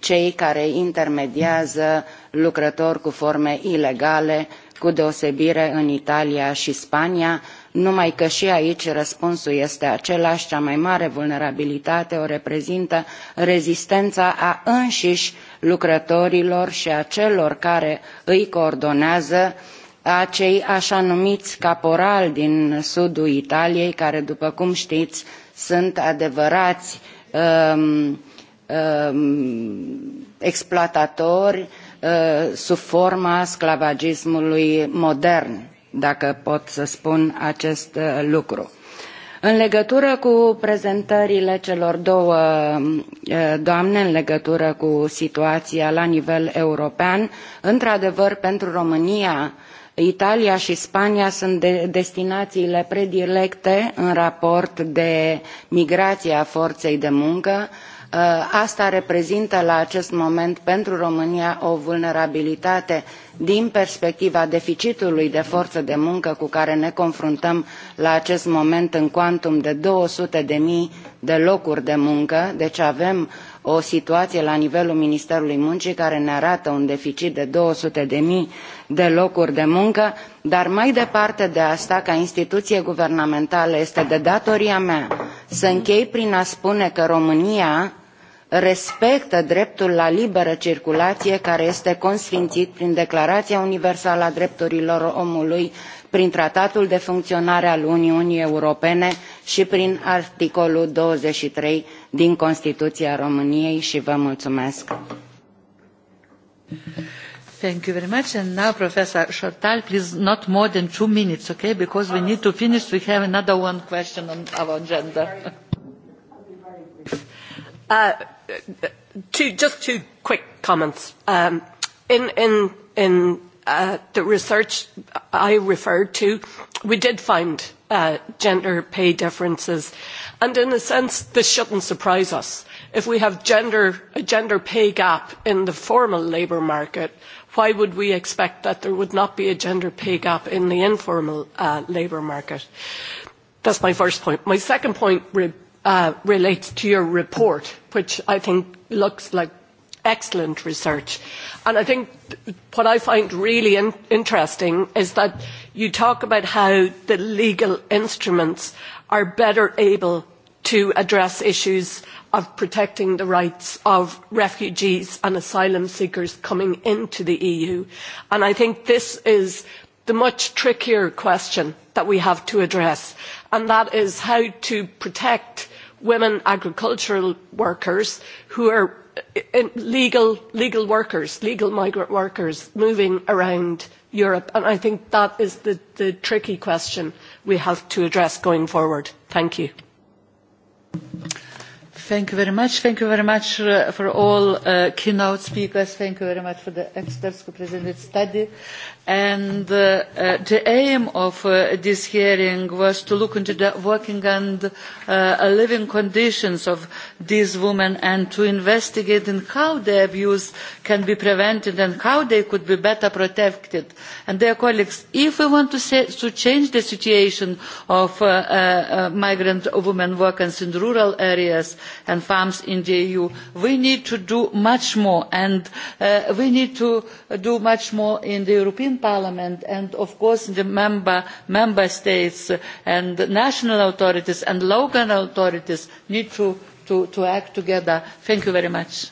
cei care intermediază lucrători cu forme ilegale, cu deosebire în Italia și Spania, numai că și aici răspunsul este același, cea mai mare vulnerabilitate o reprezintă rezistența a înșiși lucrătorilor și a celor care îi coordonează uh, acei așa numiți caporali din sudul Italiei, care, după cum știți, sunt adevărați exploatatori sub forma sclavagismului modern, dacă pot să spun acest lucru. În legătură cu prezentările celor două doamne, în legătură cu situația la nivel european, într-adevăr, pentru România, Italia și Spania sunt destinațiile predilecte în raport de migrație a forței de muncă. Asta reprezintă la acest moment pentru România o vulnerabilitate din perspectiva deficitului de forță de muncă cu care ne confruntăm la acest moment în cuantum de sute de mii de locuri de muncă, deci avem o situație la nivelul Ministerului Muncii care ne arată un deficit de sute de mii de locuri de muncă dar mai departe de asta ca instituție guvernamentală este de datoria mea să închei prin a spune că românia respectă dreptul la liberă circulație care este consfințit prin declarația universală a drepturilor omului prin tratatul de funcționare al uniunii europene și prin articolul douăzeci și trei din constituția româniei și vă mulțumesc. Thank you very much. And now, Professor Shortal, please not more than two minutes, okay? Because we need to finish. We have another one question on our agenda. Uh, two, just two quick comments. Um, in in, in uh, the research I referred to, we did find uh, gender pay differences. And in a sense, this shouldn't surprise us. If we have gender, a gender pay gap in the formal labour market, why would we expect that there would not be a gender pay gap in the informal labour market? That's my first point. My second point relates to your report, which I think looks like excellent research. And I think what I find really interesting is that you talk about how the legal instruments are better able to address issues of protecting the rights of refugees and asylum seekers coming into the EU. And I think this is the much trickier question that we have to address, and that is how to protect women agricultural workers who are legal, legal workers, legal migrant workers moving around Europe. And I think that is the, the tricky question we have to address going forward. Thank you. Thank you very much. Thank you very much for all uh, keynote speakers. Thank you very much for the experts who presented study. And uh, uh, the aim of uh, this hearing was to look into the working and uh, living conditions of these women and to investigate in how their abuse can be prevented and how they could be better protected. And dear colleagues, if we want to, say, to change the situation of uh, uh, migrant women workers in rural areas, and farms in the eu we need to do much more and we need to do much more in the european parliament and of course in the member states and national authorities and local authorities need to act together. thank you very much.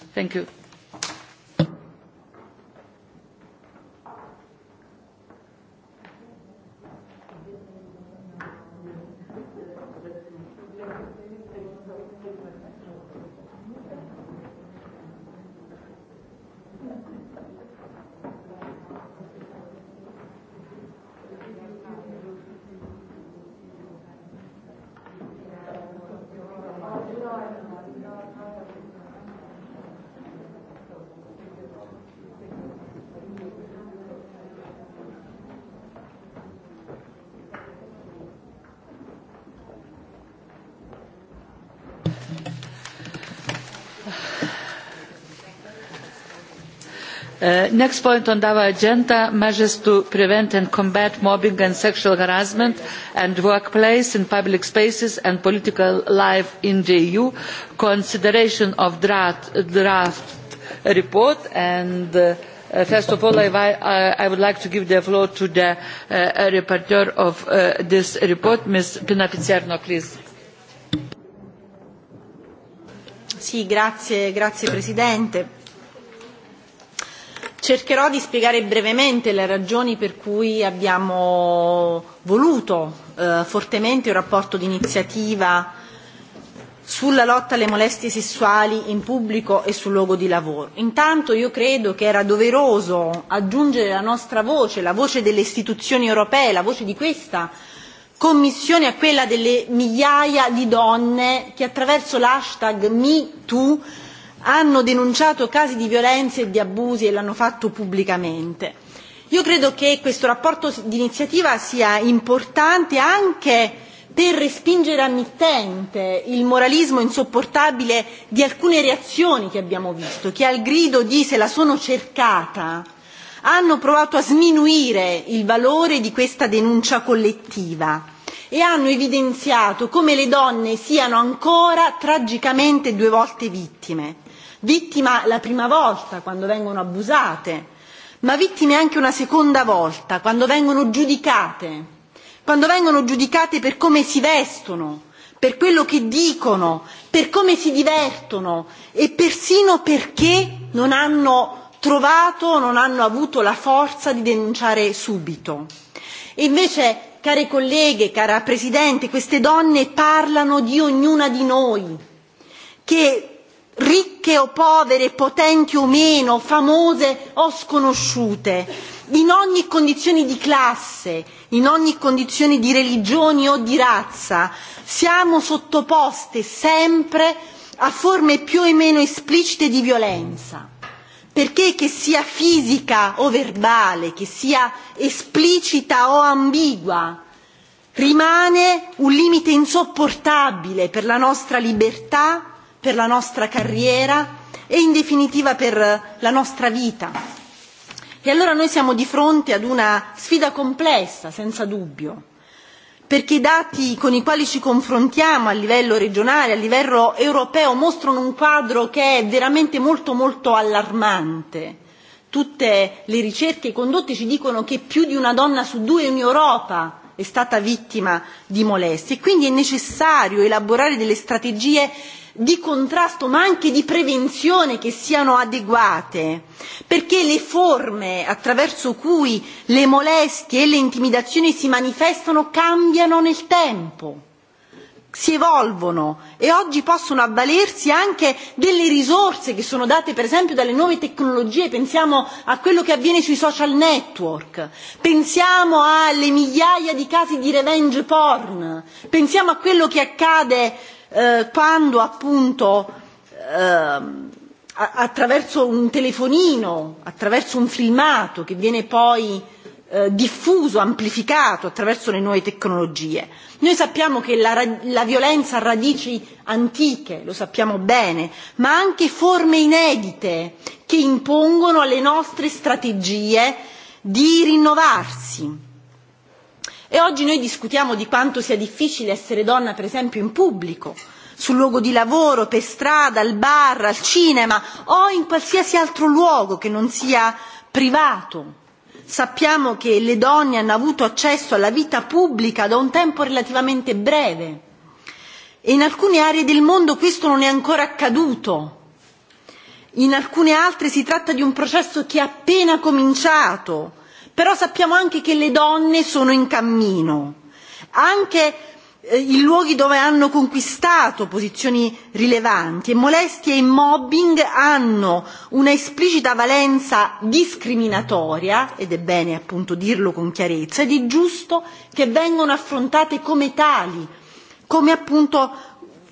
next point on our agenda measures to prevent and combat mobbing and sexual harassment and workplace in public spaces and political life in the eu consideration of draft report and first of all i would like to give the floor to the rapporteur of this report ms pina picierno please. presidente Cercherò di spiegare brevemente le ragioni per cui abbiamo voluto eh, fortemente un rapporto d'iniziativa sulla lotta alle molestie sessuali in pubblico e sul luogo di lavoro. Intanto io credo che era doveroso aggiungere la nostra voce, la voce delle istituzioni europee, la voce di questa Commissione a quella delle migliaia di donne che attraverso l'hashtag MeToo hanno denunciato casi di violenze e di abusi e l'hanno fatto pubblicamente. Io credo che questo rapporto d'iniziativa sia importante anche per respingere a mittente il moralismo insopportabile di alcune reazioni che abbiamo visto, che al grido di se la sono cercata hanno provato a sminuire il valore di questa denuncia collettiva e hanno evidenziato come le donne siano ancora tragicamente due volte vittime vittima la prima volta quando vengono abusate, ma vittime anche una seconda volta quando vengono giudicate, quando vengono giudicate per come si vestono, per quello che dicono, per come si divertono e persino perché non hanno trovato, non hanno avuto la forza di denunciare subito. E invece, care colleghe, cara Presidente, queste donne parlano di ognuna di noi, che ricche o povere, potenti o meno, famose o sconosciute, in ogni condizione di classe, in ogni condizione di religioni o di razza, siamo sottoposte sempre a forme più o meno esplicite di violenza. Perché che sia fisica o verbale, che sia esplicita o ambigua, rimane un limite insopportabile per la nostra libertà per la nostra carriera e in definitiva per la nostra vita. E allora noi siamo di fronte ad una sfida complessa, senza dubbio, perché i dati con i quali ci confrontiamo a livello regionale, a livello europeo, mostrano un quadro che è veramente molto molto allarmante. Tutte le ricerche condotte ci dicono che più di una donna su due in Europa è stata vittima di molestie e quindi è necessario elaborare delle strategie di contrasto ma anche di prevenzione che siano adeguate, perché le forme attraverso cui le molestie e le intimidazioni si manifestano cambiano nel tempo si evolvono e oggi possono avvalersi anche delle risorse che sono date per esempio dalle nuove tecnologie, pensiamo a quello che avviene sui social network, pensiamo alle migliaia di casi di revenge porn, pensiamo a quello che accade quando appunto eh, attraverso un telefonino, attraverso un filmato che viene poi eh, diffuso, amplificato attraverso le nuove tecnologie. Noi sappiamo che la, la violenza ha radici antiche, lo sappiamo bene, ma anche forme inedite che impongono alle nostre strategie di rinnovarsi E oggi noi discutiamo di quanto sia difficile essere donna, per esempio, in pubblico, sul luogo di lavoro, per strada, al bar, al cinema o in qualsiasi altro luogo che non sia privato. Sappiamo che le donne hanno avuto accesso alla vita pubblica da un tempo relativamente breve e in alcune aree del mondo questo non è ancora accaduto. In alcune altre si tratta di un processo che è appena cominciato però sappiamo anche che le donne sono in cammino, anche in luoghi dove hanno conquistato posizioni rilevanti e molestie e mobbing hanno una esplicita valenza discriminatoria ed è bene appunto dirlo con chiarezza ed è giusto che vengano affrontate come tali, come appunto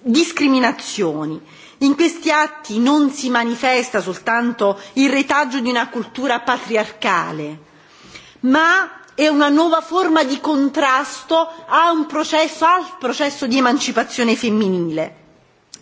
discriminazioni. In questi atti non si manifesta soltanto il retaggio di una cultura patriarcale, ma è una nuova forma di contrasto a un processo, al processo di emancipazione femminile.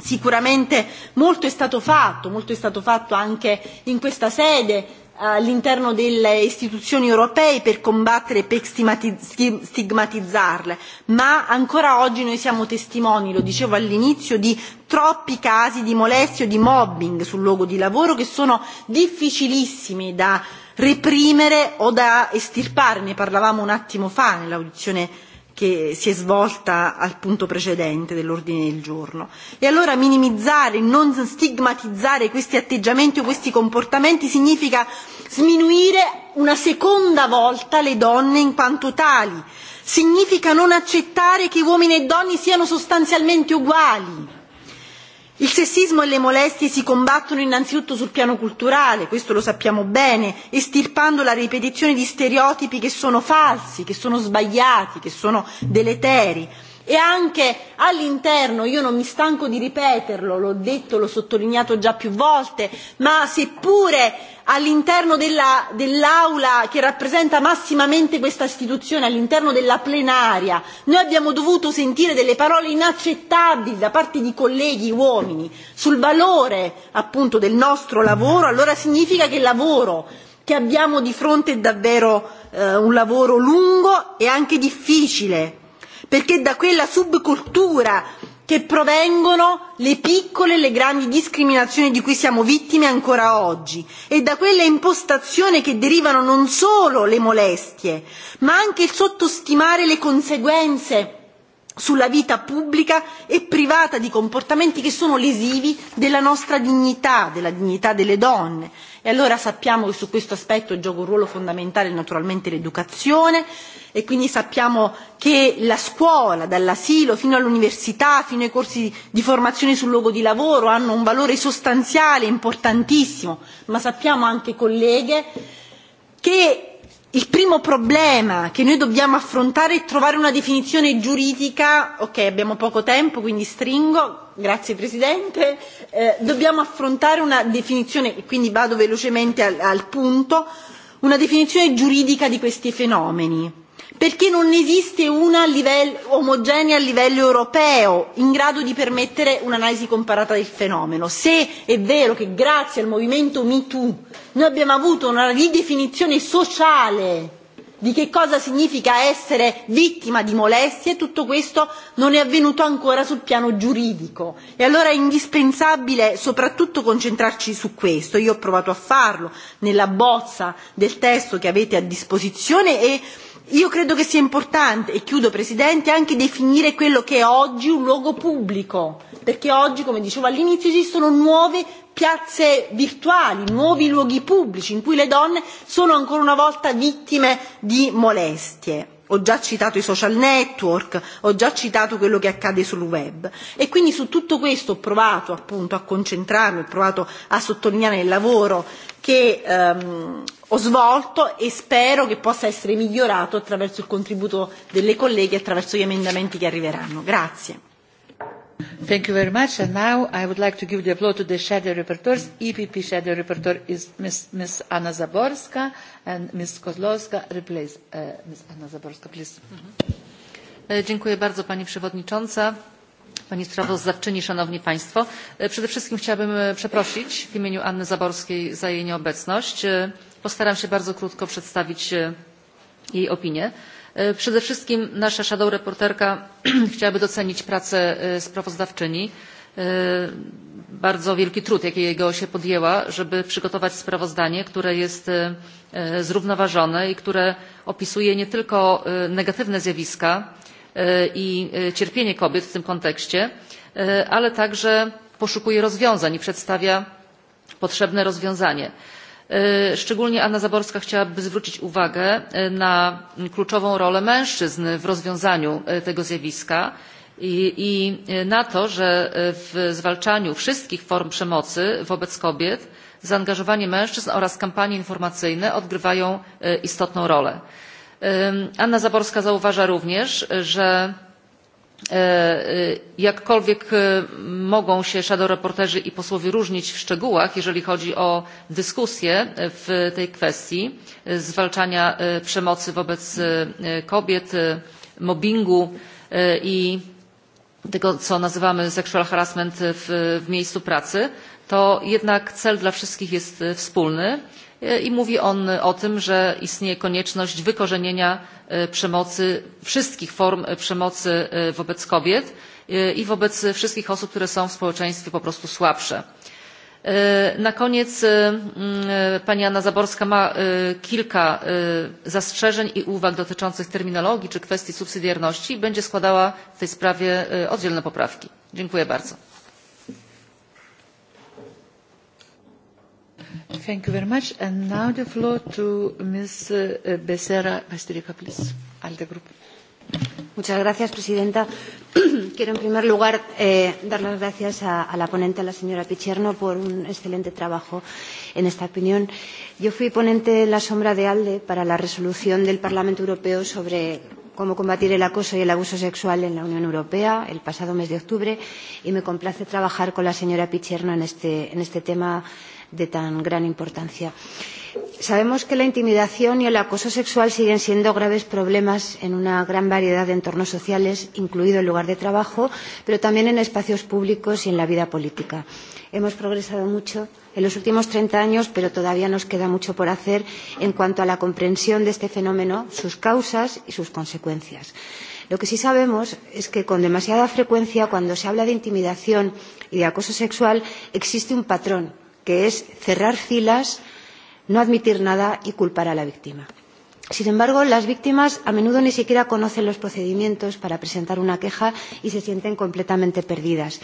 Sicuramente molto è stato fatto, molto è stato fatto anche in questa sede all'interno delle istituzioni europee per combattere e per stigmatizzarle, ma ancora oggi noi siamo testimoni, lo dicevo all'inizio, di troppi casi di molestie o di mobbing sul luogo di lavoro che sono difficilissimi da reprimere o da estirpare. Ne parlavamo un attimo fa nell'audizione che si è svolta al punto precedente dell'ordine del giorno. E allora minimizzare, non stigmatizzare questi atteggiamenti o questi comportamenti significa sminuire una seconda volta le donne in quanto tali, significa non accettare che uomini e donne siano sostanzialmente uguali Il sessismo e le molestie si combattono innanzitutto sul piano culturale, questo lo sappiamo bene, estirpando la ripetizione di stereotipi che sono falsi, che sono sbagliati, che sono deleteri e anche all'interno, io non mi stanco di ripeterlo, l'ho detto, l'ho sottolineato già più volte, ma seppure all'interno dell'aula che rappresenta massimamente questa istituzione, all'interno della plenaria, noi abbiamo dovuto sentire delle parole inaccettabili da parte di colleghi uomini sul valore appunto del nostro lavoro, allora significa che il lavoro che abbiamo di fronte è davvero un lavoro lungo e anche difficile perché è da quella subcultura che provengono le piccole e le grandi discriminazioni di cui siamo vittime ancora oggi e da quella impostazione che derivano non solo le molestie, ma anche il sottostimare le conseguenze sulla vita pubblica e privata di comportamenti che sono lesivi della nostra dignità, della dignità delle donne. E allora sappiamo che su questo aspetto gioca un ruolo fondamentale naturalmente l'educazione, e quindi sappiamo che la scuola, dall'asilo fino all'università, fino ai corsi di formazione sul luogo di lavoro hanno un valore sostanziale importantissimo, ma sappiamo anche, colleghe, che il primo problema che noi dobbiamo affrontare è trovare una definizione giuridica, ok abbiamo poco tempo quindi stringo, grazie Presidente, eh, dobbiamo affrontare una definizione, e quindi vado velocemente al, al punto, una definizione giuridica di questi fenomeni perché non esiste una omogenea a livello europeo in grado di permettere un'analisi comparata del fenomeno. Se è vero che grazie al movimento MeToo noi abbiamo avuto una ridefinizione sociale di che cosa significa essere vittima di molestie, tutto questo non è avvenuto ancora sul piano giuridico e allora è indispensabile soprattutto concentrarci su questo. Io ho provato a farlo nella bozza del testo che avete a disposizione e Io credo che sia importante, e chiudo Presidente, anche definire quello che è oggi un luogo pubblico, perché oggi, come dicevo all'inizio, esistono nuove piazze virtuali, nuovi luoghi pubblici in cui le donne sono ancora una volta vittime di molestie ho già citato i social network, ho già citato quello che accade sul web e quindi su tutto questo ho provato appunto a concentrarmi, ho provato a sottolineare il lavoro che ehm, ho svolto e spero che possa essere migliorato attraverso il contributo delle colleghe e attraverso gli emendamenti che arriveranno. Grazie. Thank you very much. now I would like to give the floor to the shadow rapporteurs. EPP shadow rapporteur is Ms. Anna Zaborska and Ms. Ms. Anna Zaborska, please. Dziękuję bardzo Pani Przewodnicząca. Pani sprawozdawczyni, szanowni państwo, przede wszystkim chciałabym przeprosić w imieniu Anny Zaborskiej za jej nieobecność. Postaram się bardzo krótko przedstawić jej opinię. Przede wszystkim nasza shadow reporterka chciałaby docenić pracę sprawozdawczyni. Bardzo wielki trud, jakiego się podjęła, żeby przygotować sprawozdanie, które jest zrównoważone i które opisuje nie tylko negatywne zjawiska i cierpienie kobiet w tym kontekście, ale także poszukuje rozwiązań i przedstawia potrzebne rozwiązanie. Szczególnie Anna Zaborska chciałaby zwrócić uwagę na kluczową rolę mężczyzn w rozwiązaniu tego zjawiska i na to, że w zwalczaniu wszystkich form przemocy wobec kobiet zaangażowanie mężczyzn oraz kampanie informacyjne odgrywają istotną rolę. Anna Zaborska zauważa również, że jakkolwiek mogą się sprawozdawcy i posłowie różnić w szczegółach jeżeli chodzi o dyskusję w tej kwestii zwalczania przemocy wobec kobiet mobbingu i tego co nazywamy sexual harassment w miejscu pracy to jednak cel dla wszystkich jest wspólny i mówi on o tym, że istnieje konieczność wykorzenienia przemocy, wszystkich form przemocy wobec kobiet i wobec wszystkich osób, które są w społeczeństwie po prostu słabsze. Na koniec pani Anna Zaborska ma kilka zastrzeżeń i uwag dotyczących terminologii czy kwestii subsydiarności i będzie składała w tej sprawie oddzielne poprawki. Dziękuję bardzo. Thank you very much. And now the floor to Ms. Becerra Basterica, please, ALDE Group. Señora presidenta. Quiero, en primer lugar, dar las gracias a, la ponente, a la señora Picherno, por un excelente trabajo en esta opinión. Yo fui ponente en la sombra de ALDE para la resolución del Parlamento Europeo sobre cómo combatir el acoso y el abuso sexual en la Unión Europea el pasado mes de octubre y me complace trabajar con la señora Picherno en este tema de tan gran importancia. Sabemos que la intimidación y el acoso sexual siguen siendo graves problemas en una gran variedad de entornos sociales, incluido el lugar de trabajo, pero también en espacios públicos y en la vida política. Hemos progresado mucho en los últimos treinta años, pero todavía nos queda mucho por hacer en cuanto a la comprensión de este fenómeno, sus causas y sus consecuencias. Lo que sí sabemos es que con demasiada frecuencia, cuando se habla de intimidación y de acoso sexual, existe un patrón que es cerrar filas, no admitir nada y culpar a la víctima. Sin embargo, las víctimas a menudo ni siquiera conocen los procedimientos para presentar una queja y se sienten completamente perdidas.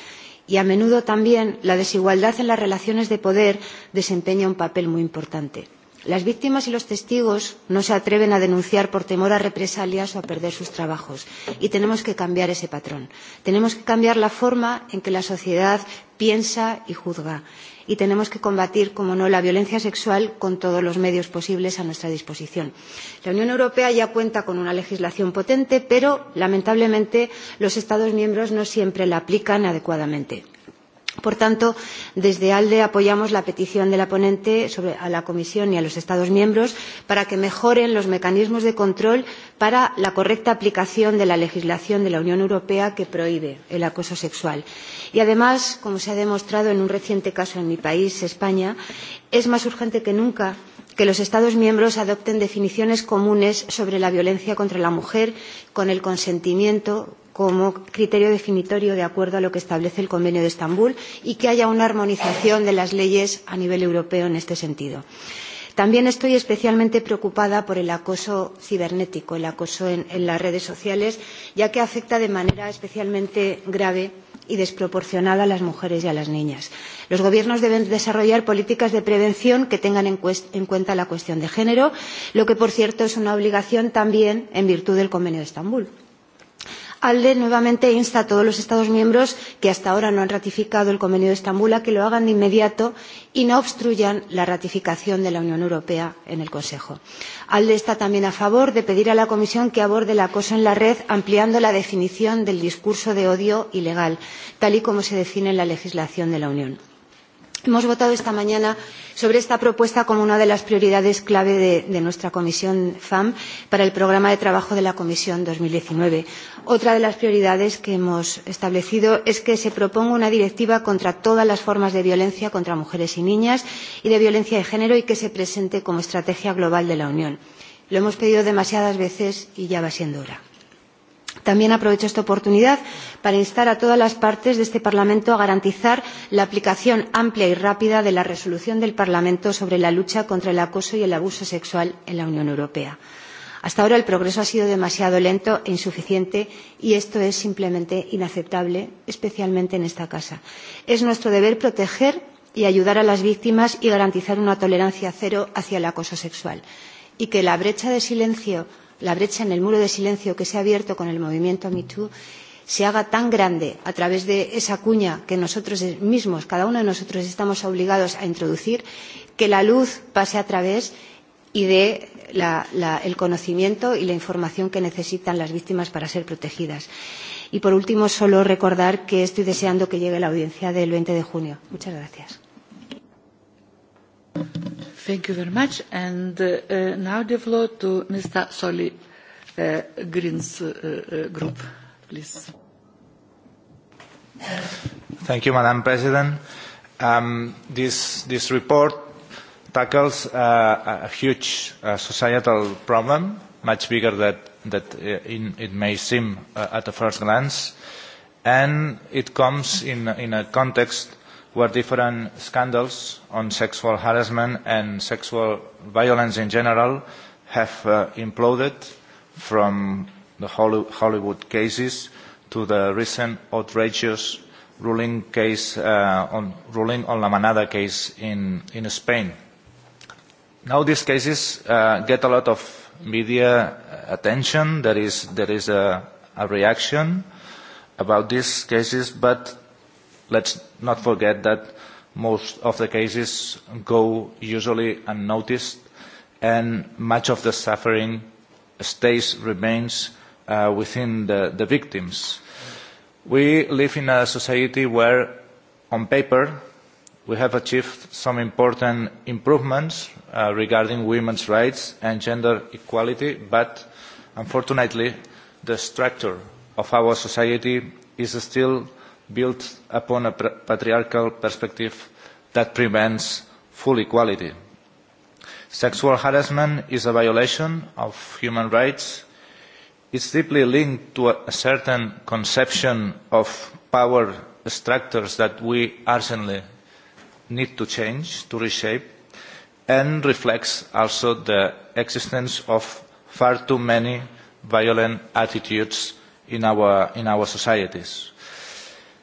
Y a menudo también la desigualdad en las relaciones de poder desempeña un papel muy importante. Las víctimas y los testigos no se atreven a denunciar por temor a represalias o a perder sus trabajos. Y tenemos que cambiar ese patrón. Tenemos que cambiar la forma en que la sociedad piensa y juzga. Y tenemos que combatir, como no, la violencia sexual con todos los medios posibles a nuestra disposición. La Unión Europea ya cuenta con una legislación potente, pero lamentablemente los Estados miembros no siempre la aplican adecuadamente Por tanto, desde ALDE apoyamos la petición de la ponente a la Comisión y a los Estados miembros para que mejoren los mecanismos de control para la correcta aplicación de la legislación de la Unión Europea que prohíbe el acoso sexual. Y además, como se ha demostrado en un reciente caso en mi país, España, es más urgente que nunca que los Estados miembros adopten definiciones comunes sobre la violencia contra la mujer con el consentimiento, como criterio definitorio de acuerdo a lo que establece el Convenio de Estambul y que haya una armonización de las leyes a nivel europeo en este sentido. También estoy especialmente preocupada por el acoso cibernético, el acoso en, las redes sociales, ya que afecta de manera especialmente grave y desproporcionada a las mujeres y a las niñas. Los gobiernos deben desarrollar políticas de prevención que tengan en, cuenta la cuestión de género, lo que, por cierto, es una obligación también en virtud del Convenio de Estambul. ALDE nuevamente insta a todos los Estados miembros que hasta ahora no han ratificado el Convenio de Estambul a que lo hagan de inmediato y no obstruyan la ratificación de la Unión Europea en el Consejo. ALDE está también a favor de pedir a la Comisión que aborde el acoso en la red ampliando la definición del discurso de odio ilegal, tal y como se define en la legislación de la Unión. Hemos votado esta mañana sobre esta propuesta como una de las prioridades clave de, nuestra comisión FAM para el programa de trabajo de la comisión dos mil diecinueve otra de las prioridades que hemos establecido es que se proponga una directiva contra todas las formas de violencia contra mujeres y niñas y de violencia de género y que se presente como estrategia global de la Unión. Lo hemos pedido demasiadas veces y ya va siendo hora. También aprovecho esta oportunidad para instar a todas las partes de este Parlamento a garantizar la aplicación amplia y rápida de la resolución del Parlamento sobre la lucha contra el acoso y el abuso sexual en la Unión Europea. Hasta ahora el progreso ha sido demasiado lento e insuficiente y esto es simplemente inaceptable, especialmente en esta casa. Es nuestro deber proteger y ayudar a las víctimas y garantizar una tolerancia cero hacia el acoso sexual. Y que la brecha de silencio, la brecha en el muro de silencio que se ha abierto con el movimiento MeToo se haga tan grande a través de esa cuña que nosotros mismos, cada uno de nosotros, estamos obligados a introducir, que la luz pase a través y dé la, la, el conocimiento y la información que necesitan las víctimas para ser protegidas. Y por último, solo recordar que estoy deseando que llegue la audiencia del 20 de junio. Muchas gracias. Thank you very much. And uh, now the floor to Mr. Soli uh, Greens uh, uh, Group, please. Thank you, Madam President. Um, this, this report tackles uh, a huge uh, societal problem, much bigger than that in, it may seem uh, at the first glance, and it comes in, in a context where different scandals on sexual harassment and sexual violence in general have uh, imploded from the Hollywood cases to the recent outrageous ruling case uh, on ruling on La Manada case in, in Spain Now these cases uh, get a lot of media attention. There is, there is a, a reaction about these cases, but let's not forget that most of the cases go usually unnoticed and much of the suffering stays, remains uh, within the, the victims. We live in a society where, on paper, we have achieved some important improvements regarding women's rights and gender equality, but unfortunately, the structure of our society is still built upon a patriarchal perspective that prevents full equality. Sexual harassment is a violation of human rights. It's deeply linked to a certain conception of power structures that we urgently need to change, to reshape, and reflects also the existence of far too many violent attitudes in our, in our societies.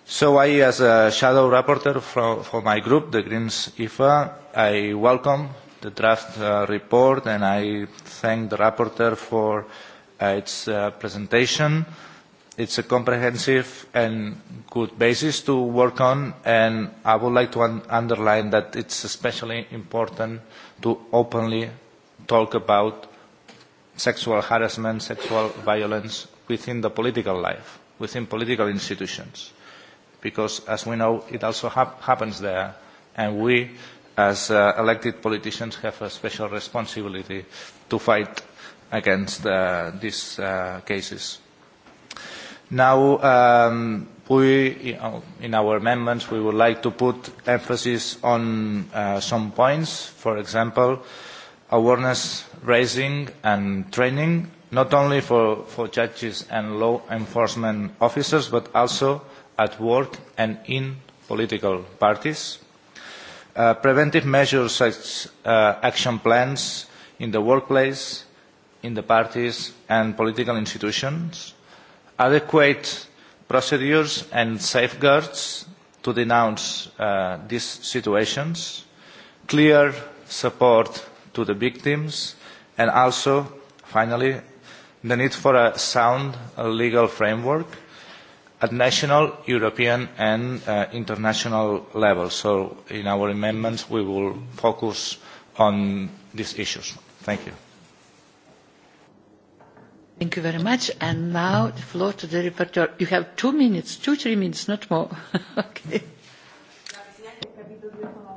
So I, as a shadow rapporteur for, for my group, the Greens IFA, I welcome the draft uh, report and I thank the rapporteur for uh, its uh, presentation it's a comprehensive and good basis to work on, and I would like to underline that it's especially important to openly talk about sexual harassment, sexual violence within the political life, within political institutions, because as we know, it also happens there, and we, as elected politicians, have a special responsibility to fight against these cases. Now, um, we, in our amendments, we would like to put emphasis on uh, some points, for example, awareness raising and training, not only for, for judges and law enforcement officers, but also at work and in political parties. Uh, preventive measures such uh, action plans in the workplace, in the parties and political institutions, adequate procedures and safeguards to denounce uh, these situations, clear support to the victims, and also, finally, the need for a sound legal framework at national, European, and uh, international level. So in our amendments, we will focus on these issues. Thank you. Thank you very much. And now the floor to the reporter. You have two minutes, two, three minutes, not more. okay.